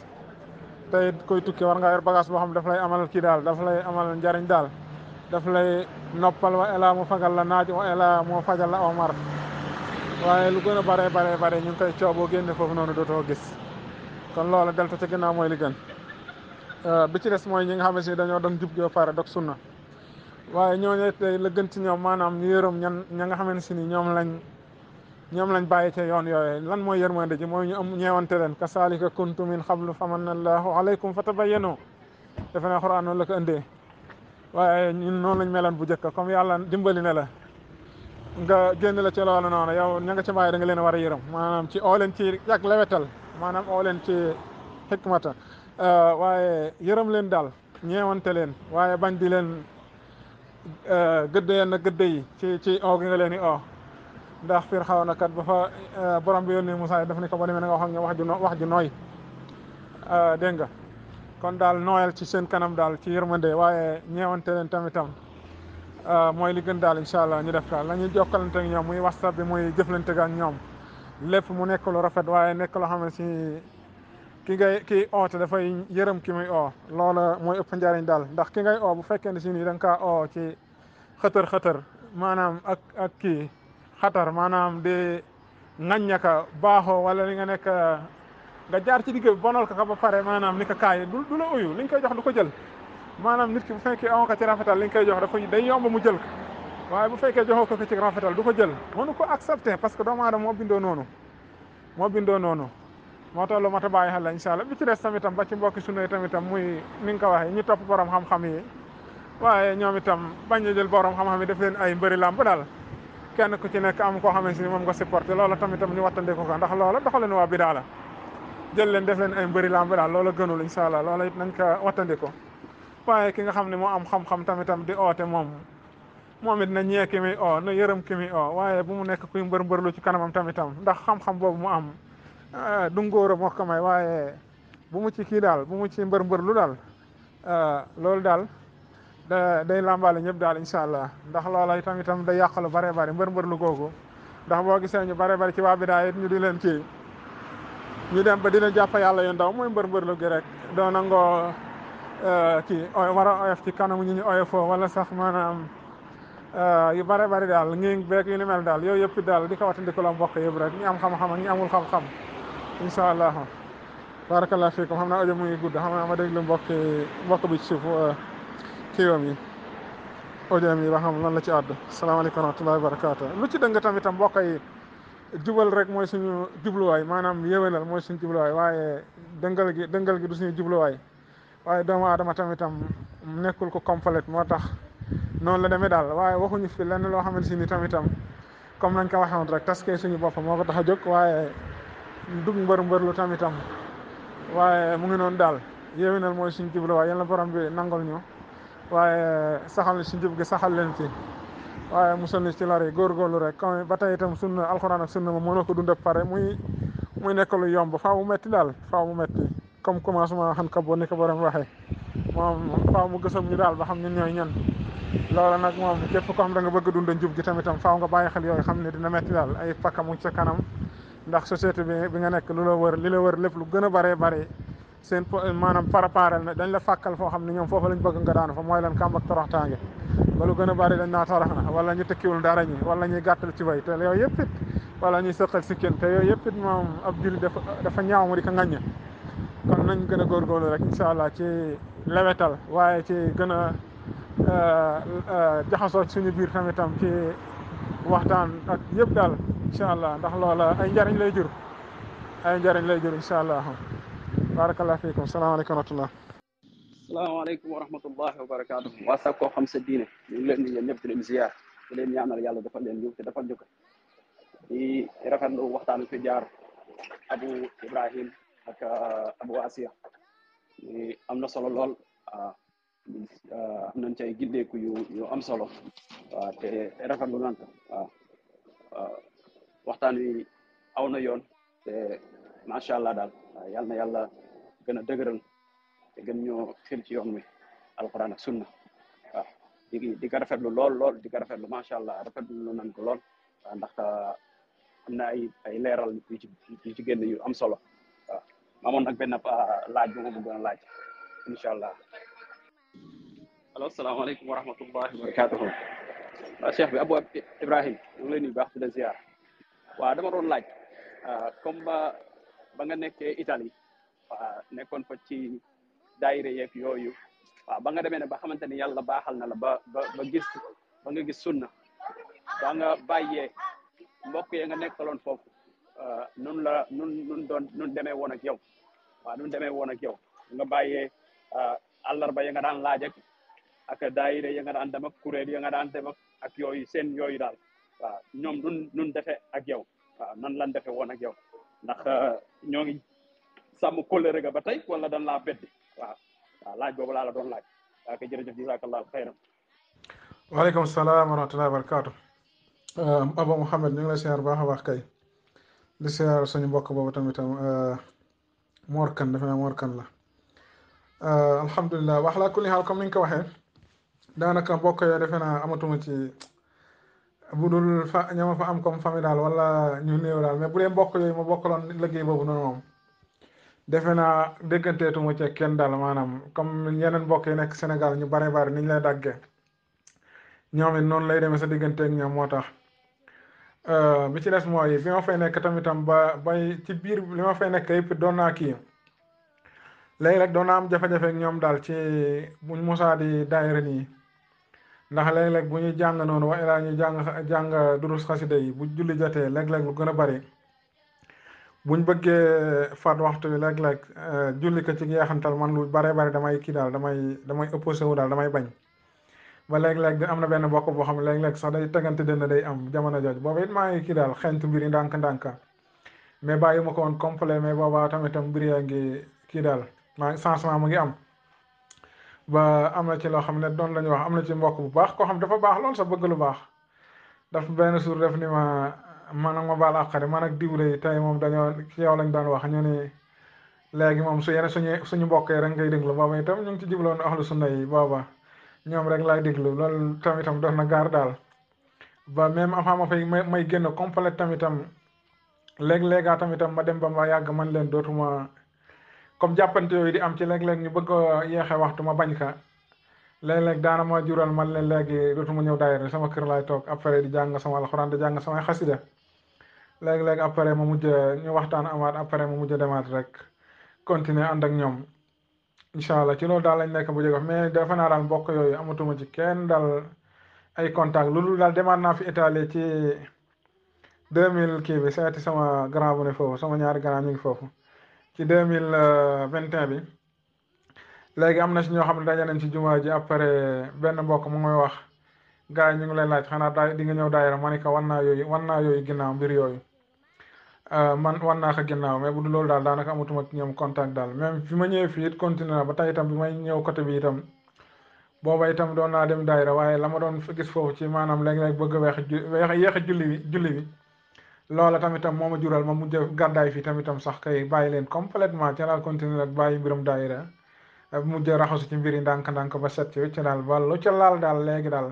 Speaker 2: tey koy tukki war ngaa yor bagage boo xam daf lay amal kii daal daf lay amal njariñ daal daf lay noppal wa ela mu fagal la naaj wa ela moo fagal la omar waaye lu gën a bare bare bare ñu ngi koy cooboo génne foofu noonu dootoo gis kon loola deltu ci ginnaaw mooy li gën euh, bi ci des mooy ñi nga xamante ni dañoo doon jub joo pare dog sunna waaye ñooñu tey la gën ñoom maanaam ñu yërëm ñan ña nga xamante si ni ñoom lañ ñoom lañ bàyyi ca yoon yooyu lan mooy yërmande ji mooy ñu am ñeewante leen kasaalika kuntu min xablu famanna allahu aleykum fa tabayyanu defe naa xuraan noonu la ko indee waaye ñun noonu lañ meloon bu njëkk comme yàlla dimbali na la nga génn la ci loolu noonu yow ña nga ci bàyyi danga leen war a yërëm maanaam ci oo leen ci yàq lewetal maanaam oo ci xikmata euh, waaye yërëm leen daal ñeewante leen waaye bañ di leen euh, gëddee na gëdde yi ci ci gi nga leen di oo ndax fiir xaw na kat ba fa euh, borom bi yónni musaay daf ne ko ba demee nga wax ak ñoom wax ju nooy dégg nga kon daal nooyal ci seen kanam daal ci yërmande waaye ñeewante leen tamitam euh, mooy li daal incha ñu def daal la ñuy jokkalante ak ñoom muy whatsapp bi muy jëflante ak ñoom lépp mu nekk lu rafet waaye nekk loo xam ne si ki ngay kii oote dafay yërëm ki muy oo loola mooy ëpp njariñ daal ndax ki ngay oo bu fekkee ne si nii da nga kaa oo ci xëtër xëtër maanaam ak ak kii xatar maanaam di ŋaññaka baaxoo wala li nga nekk nga jaar ci digg bi bonal ka ba pare maanaam ni ko kaay du la uyu liñ koy jox du ko jël maanaam nit ki bu fekkee amoo ko ci rafetal liñ koy jox da ko day yomb mu jël ko waaye bu fekkee joxoo ko ko ci du ko jël mënu ko accepté parce que doomu aadama moo bindoo noonu moo bindoo noonu moo toll mat a bàyyi xel la incha allah bi ci des tamitam ba ci mbokki sunuy tamitam muy ni nga ko waxee ñu topp borom xam-xam yi waaye ñoom itam bañ a jël borom xam-xam yi def leen ay mbëri làmb daal kenn ku ci nekk am koo xamante ni moom nga supporté loola tamitam ñu jël leen def leen ay mbëri làmb daal loola gënul incha allah loola it nañ ko wattandiko waaye ki nga xam ne moo am xam-xam tamitam di oote moom moom it na ñee ki oo na yërëm ki muy oo waaye bu mu nekk kuy mbër mbërlu ci kanamam tamitam ndax xam-xam boobu mu am ah, du ngóora moo may waaye bu mu ci kii daal bu mu ci mbër mbërlu daal ah, loolu daal day làmbaale ñëpp daal incha allah ndax loola tamitam day yàq lu bare bare mbër mbërlu googu ndax boo gisee ñu bar bare ci waa bidaa it di leen kii ñu dem ba dina jàpp yàlla yu ndaw mooy mbër mbër lu gi rek doo nangoo eh, ki war a oyof ci kanamu ñu ñu oyofoo wala sax maanaam eh, yu bare bare daal ngi beeg yu ni mel daal yooyu yëpp daal di ko ko la mbokk yëpp rek ñi am xam-xam ak ñi amul xam-xam allah barakallah fiikum xam naa mu ngi gudd xam naa ma déglu mbokk mbokk bi ci suuf eh, yi audio yi ba xam lan la ci àdd salaamaaleykum wa rahmatullahi wa lu ci dëng tamit mbokk yi jubal rek mooy suñu jubluwaay maanaam yéwénal mooy suñu jubluwaay waaye dëngal gi dëngal gi du suñu jubluwaay waaye doomu aadama tamitam nekkul ko complète moo tax noonu la demee daal waaye waxuñu fi lenn loo xamante si ni tamitam comme nañ ko waxewoon rek taskee suñu bopp moo ko tax a jóg waaye dug mbër mbërlu tamitam waaye mu ngi noonu daal yéwénal mooy suñu jubluwaay la borom bi nangol ñu waaye saxal suñu jub gi saxal leen ci waaye musal ni ci lor yi góorgóorlu rek comme ba tey itam sunna alxuraan ak sunna moom mënoo ko dund pare muy muy nekk lu yomb faaw mu metti daal faw mu metti comme commencement xan ka boo ni ko borom waxee moom faaw mu gësam xam ñun ñooy ñan loolu nag moom képp koo xam da nga bëgg dund njub gi tamitam faaw nga bàyyi xel yooyu xam ne dina metti daal ay pakka mu sa kanam ndax société bi nga nekk lu la wër li la wër lépp lu gën a bare bare seen maanaam paraparel na dañ la fàkkal foo xam ne ñoom foofu lañ bëgg nga daanu leen kàmb ba lu gën a bari dañ naa torox na wala ñu tëkkiwul dara ñi wala ñuy gàttal ci way te yooyu yëpp it wala ñuy sëqal sikkin te yooyu yëpp it moom ab jullit dafa dafa ñaaw mu di ka ŋàññe kon nañ gën a góorgóorlu rek incha allah ci lewetal waaye ci gën euh, euh, jaxasoo suñu biir tamitam ci waxtaan ak yëpp daal incha allah ndax loola ay njariñ lay jur ay njariñ lay jur incha allah barakallahu fiikum salaamaaleykum wa rahmatullah
Speaker 3: asalaamaaleykum wa rahmatullahi wa barakaatu waa Sakkoo xam sa diine ñu ngi leen di yéen ñëpp di leen ziar di leen ñaanal yàlla defal leen ñu te defal ñu ko di rafetlu waxtaan fi jaar abu ibrahim ak uh, abu asiya am na solo lool ah, ah, am nañ cay giddeeku yu yu am solo waaw ah, te rafetlu nañ ko waaw waxtaan wi aw na yoon te macha allah daal yal na yàlla gën a dëgëral te gën ñoo fil ci yoon wi eh, alquran ak sunna waaw ah, di di ko rafetlu lool lool di ko rafetlu macha allah rafetlu nañ ko lool waaw ndax am na ay ay leeral yu ci ci génn yu am solo waaw ah, amoon nag benn laaj bu ma bëggoon laaj incha allah alo salaamaaleykum wa rahmatullahi wa barakatuhu waaw ah, cheikh bi abou ibrahim ñu lay nuyu baax di ziar waaw dama doon laaj comme ba ba nga fa ci daayira yeeg yooyu waaw ba nga demee ne ba xamante ni yàlla baaxal na la ba ba ba gis ba nga gis sunna ba nga bàyyee mbokk ya nga nekkaloon foofu euh, nun la nun doon nun demee woon a yow waaw nun demee woon ak yow nga bàyyee euh, àllarba ya nga daan laaj ak ak daayira ya nga daan dem ak kuréel ya nga daan dem ak yooyu seen yooyu daal waaw ñoom nun defee ak yow nan lan defee woon a yow ndax euh, ñoo ngi sàmm kóllëre ga ba tey wala dan laa beddi waaw waaw laaj boobu laa la doon laaj waaw kay jërëjëf jazakallahu xayran
Speaker 2: waaleykum salaam wa rahmatullahi wa barakaatu Aba Mouhamed ñu ngi lay siyaar baax a baax kay di siyaar suñu mbokk boobu tamitam euh, Mor Kane defe naa Mor Kane la euh, alhamdulilah wax laa kulli xaal comme ni nga ko waxee daanaka mbokk yooyu defe naa amatuma ci bu dul fa ñama fa am comme famille daal wala ñu néew daal mais bu dee mbokk yooyu ma bokkaloon liggéey boobu noonu moom defe naa dégganteetuma ca kenn daal maanaam comme yeneen mbokk yi nekk Sénégal ñu bare bare niñ lay dàggee ñoom noonu lay demee sa digganteeg ñoom moo tax euh, bi ci des mooy bi ma fay nekk tamitam ba bay ci biir li ma fay nekk yëpp doon naa kii léegi rek doon naa am jafe-jafe ñoom daal ci buñ musaa di daayira yi ndax léeg-léeg bu ñuy jàng noonu wa ilaa ñu jàng jàng durus xasida yi bu julli jatee léeg-léeg lu gën a bari buñ bëggee faat waxtu bi léeg-léeg euh, julli ko ci yeexantal man lu bare bare damay kii daal damay damay opposé wu daal damay bañ ba léeg-léeg di am na benn bokk boo xam ne léeg-léeg sax day tegante dënn day am jamono jooju boobu it maa ngi kii daal xeeñtu mbir yi ndànk-ndànk mais bàyyi ma ko woon complet mais booba tamitam mbir yaa ngi kii daal maa changement mu ngi am ba am na ci loo xam ne doon la ñuy wax am na ci mbokk bu baax koo xam dafa baax lool sa bëgg lu baax daf benn suur def ni ma man nag ma baal àqare man ak diw de tey moom dañoo ci yow lañ doon wax ñu ne léegi moom su yéen suñu suñu mbokk yi rek ngay déglu booba itam ñu ngi ci jubloon ahlu sunna yi booba ñoom rek laay déglu loolu tam itam doon na gaar daal ba même avant ma fay may génn complète tamitam léeg-léegaa tamitam ma dem ba ma yàgg man leen dootuma comme jàppante yooyu di am ci léeg-léeg ñu bëgg a yeexe waxtu ma bañ ka léeg-léeg daana ma jural man leen léegi dootuma ñëw daayira sama kër laay toog après di jàng sama alxuraan di jàng samay xasida leg leg après mo mujjé ñu waxtaan amaat après mo mujjé demaat rek continuer and ak ñom inshallah ci loolu daal lañ nekk bu wax mais dafa naa daal mbokk yooyu amatuma ci kenn daal ay contact loolu daal demaat naa fi étalé ci 2000 mille kii bi seeti sama grand bu ne foofu sama ñaari grand ñu ngi foofu ci 2021 bi léegi am na si ñoo xam ne daje nañ ci jumaa ji après benn mbokk mu ngoy wax gars ñu ngi lay laaj xanaa di nga ñëw daayira ma ne ko wan naa yooyu wan naa yooyu ginnaaw mbir yooyu Euh, man wan naa ko ginnaaw mais bu du loolu daal daanaka amatuma ak ñoom contact daal même fi ma ñëwee fii it continué na ba tey itam bi may ñëw côté bi itam booba doon naa dem daayira waaye la ma doon gis foofu ci maanaam léeg-léeg bëgg weex weex yéex a julli bi julli bi loola tamitam ma jural ma mujj gàddaay fii tamitam sax kay bàyyi leen complètement ca laa continué nag bàyyi mbirum daayira eh, mujj raxasu ci mbiri ndànk-ndànk ba set ci wécc ba lu ca laal daal léegi daal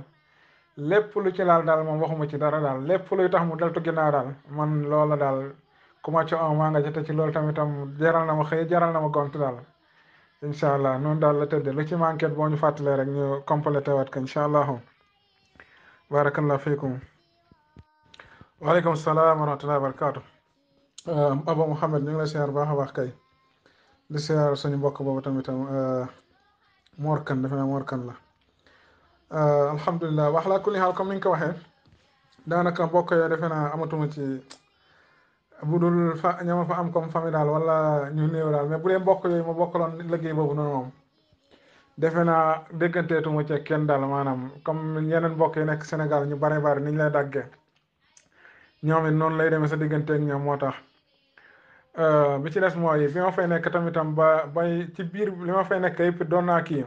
Speaker 2: lépp lu ci laal daal moom waxuma ci dara daal lépp luy tax mu deltu ginnaaw daal man loola daal ku ma ci oo maa nga jote ci loolu tamitam jaral na ma xëy jaral na ma gont daal incha allah noonu daal la tëdd lu ci manqué boo ñu fàttalee rek ñu complété waat ko incha allahu barakallah fiikum waaleykum salaam wa rahmatullahi wa barakaatu Abou Mouhamed ñu ngi lay siyaar baax a baax kay suñu mbokk boobu tamitam euh, Mor Kane defe naa Mor Kane la euh, alhamdulilah wax laa kulli xaal comme ni nga ko waxee daanaka mbokk yooyu defe naa amatuma ci bu dul fa ña ma fa am comme famille daal wala ñu néew daal mais bu dee mbokk yooyu ma bokkaloon liggéey boobu noonu moom defe naa dégganteetu ma ci kenn daal maanaam comme yeneen mbokk yi nekk Sénégal ñu bare bari niñ lay dàggee ñoom noonu lay demee sa diggante ak ñoom moo tax euh, bi ci des mooy bi ma fay nekk tamitam ba bay ci biir li ma fa nekk yëpp doon naa kii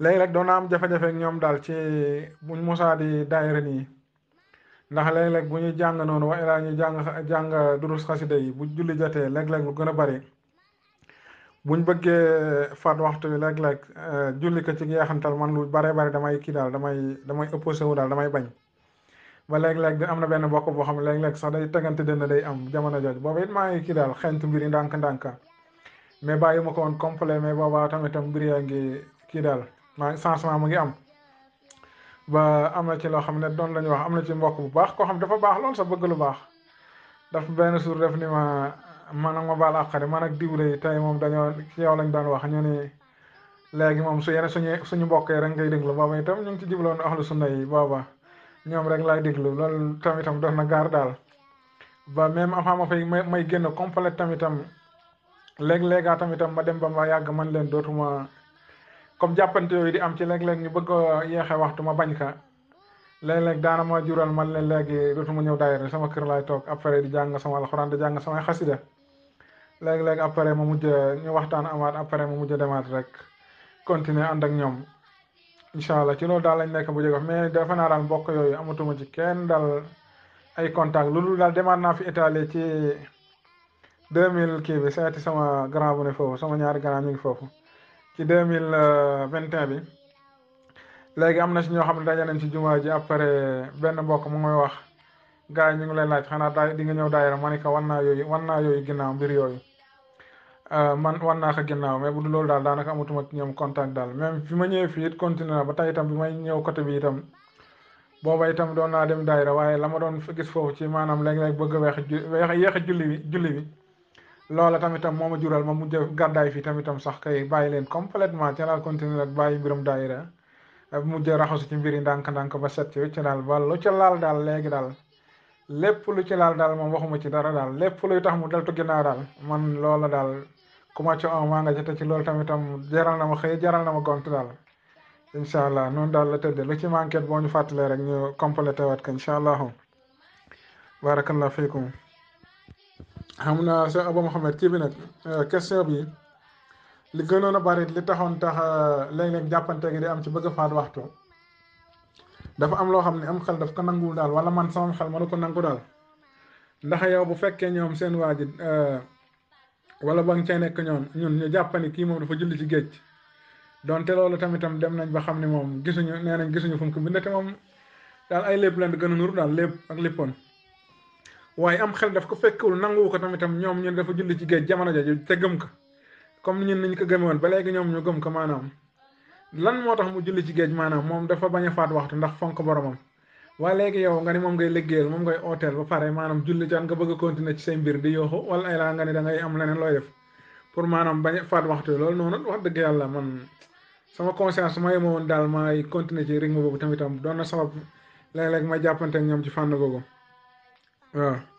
Speaker 2: léegi rek doon na am jafe-jafe ñoom daal ci mu mosaa di daayira nii ndax léeg-léeg bu ñuy jàng noonu wa ilaa ñu jàng jàng durus xasida yi bu julli jatee léeg-léeg lu gën a bari buñ bëggee faat waxtu bi léeg-léeg eh, julli ko ci yeexantal man lu baree bari damay kii daal damay damay opposé wu daal damay bañ ba léeg-léeg di am na benn bokk boo xam ne léeg-léeg sax day tegante dënn day am jamono jooju booba it maa ngi kii daal xeeñtu mbir yi ndànk-ndànk mais bàyyi ma ko woon complet mais booba tamit tam mbir yaa ngi kii daal maa changement mu ngi am ba am na ci loo xam ne doon lañu wax am na ci mbokk bu baax koo xam dafa baax lool sa bëgg lu baax daf benn suur def ni ma man ak ma baal àqare man ak diw de tey moom dañoo ci yow lañ doon wax ñu ni léegi moom su yeneen suñu suñu mbokk rek ngay déglu booba itam ñu ngi ci jubloon ahlu sunna yi booba ñoom rek laay déglu loolu tamitam doon na gaar daal ba même am xama fay may génn complète tamitam léeg-léegaa tamitam ma dem ba ma yàgg man leen dootuma comme jappante yooyu di am ci léeg-léeg ñu bëgg ko waxtu ma bañ ka léeg-léeg daana ma jural man leen léegi dootuma ñëw daayira sama kër lay toog après di jàng sama alxuraan di jàng sama xasida léeg-léeg après ma mujj ñu waxtaan amaat après ma mujj demaat rek continuer ànd ak ñoom incha allah ci loolu daal lañ nekk bu wax mais dafa naa daal mbokk yooyu amatuma ci kenn dal ay contact loolu daal demaat naa fi Italie ci 2000 kii bi seeti sama grand bu ne foofu sama ñaari grand ñu ngi foofu ci deux mille vingt et un bi léegi am na si ñoo xam ne daje nañ ci jumaa ji après benn mbokk mu ngi wax gars yi ñu ngi lay laaj xanaa daal di nga ñëw daayira ma ne ko wan naa yooyu wan naa yooyu ginnaaw mbir yooyu euh, man wan naa ko ginnaaw bu du loolu daal daanaka amatuma ci ñoom contact daal même fi ma ñëwee fii it continué ba tey itam bi may ñëw côté bi itam booba itam doon naa dem daayira waaye la ma doon gis foofu ci maanaam léeg-léeg bëgg a weex ju weex yéex a julli bi julli bi loola tamitam mooma jural ma mujj gàddaay fii tamitam sax kay bàyyi leen complètement ca daal continuer nag bàyyi mbirum daayira mujj raxasu ci mbiri ndànk-ndànk ba set ci wécc daal ba lu ca laal daal léegi daal lépp lu ci laal daal moom waxuma ci dara daal lépp luy tax mu deltu ginnaaw daal man loola daal commencé on maa nga jota ci loolu tamitam jaral na ma xëy jaral na ma gont daal incha allah noonu daal la tëddee lu ci manqué boo ñu fàttalee rek ñu complété waat ko incha allahu barakallah fiikum xam na Cheikh Abou Mouhamed kii bi nag euh, question bi li gënoon a bari li taxoon tax euh, léeg-léeg jàppante gi di am ci bëgg faat waxtu dafa am loo xam ne am xel daf ko nanguwul daal wala man sama xel mënu ko nangu daal ndax yow bu fekkee ñoom seen waa ji euh, wala ba nga cay nekk ñoom ñun ñu jàpp kii moom dafa julli ci géej donte loolu tamitam dem nañ ba xam ne moom gisuñu nee gisuñu fu mu ko bindate moom daal ay lépp leen di gën a nuru daal lépp ak léppoon waaye am xel daf ko fekkul nanguwu ko tamitam ñoom ñun dafa julli ci géej jamono jooju te gëm ko comme ñun niñ ko gëme ba léegi ñoom ñu gëm ko maanaam lan moo tax mu julli ci géej maanaam moom dafa bañ a faat waxtu ndax fonk boromam waa léegi yow nga ni moom ngay liggéeyal moom ngay ooteel ba pare maanaam julli caan nga bëgg a ci say mbir di yooxu wala ay laa nga ni da am leneen looy def pour maanaam bañ a faat waxtu loolu noonu dëgg yàlla man sama conscience may ma woon daal maay continuer ci rythme boobu tamitam doon na sabab léeg-léeg may jàppante ñoom ci fànn googu Yeah.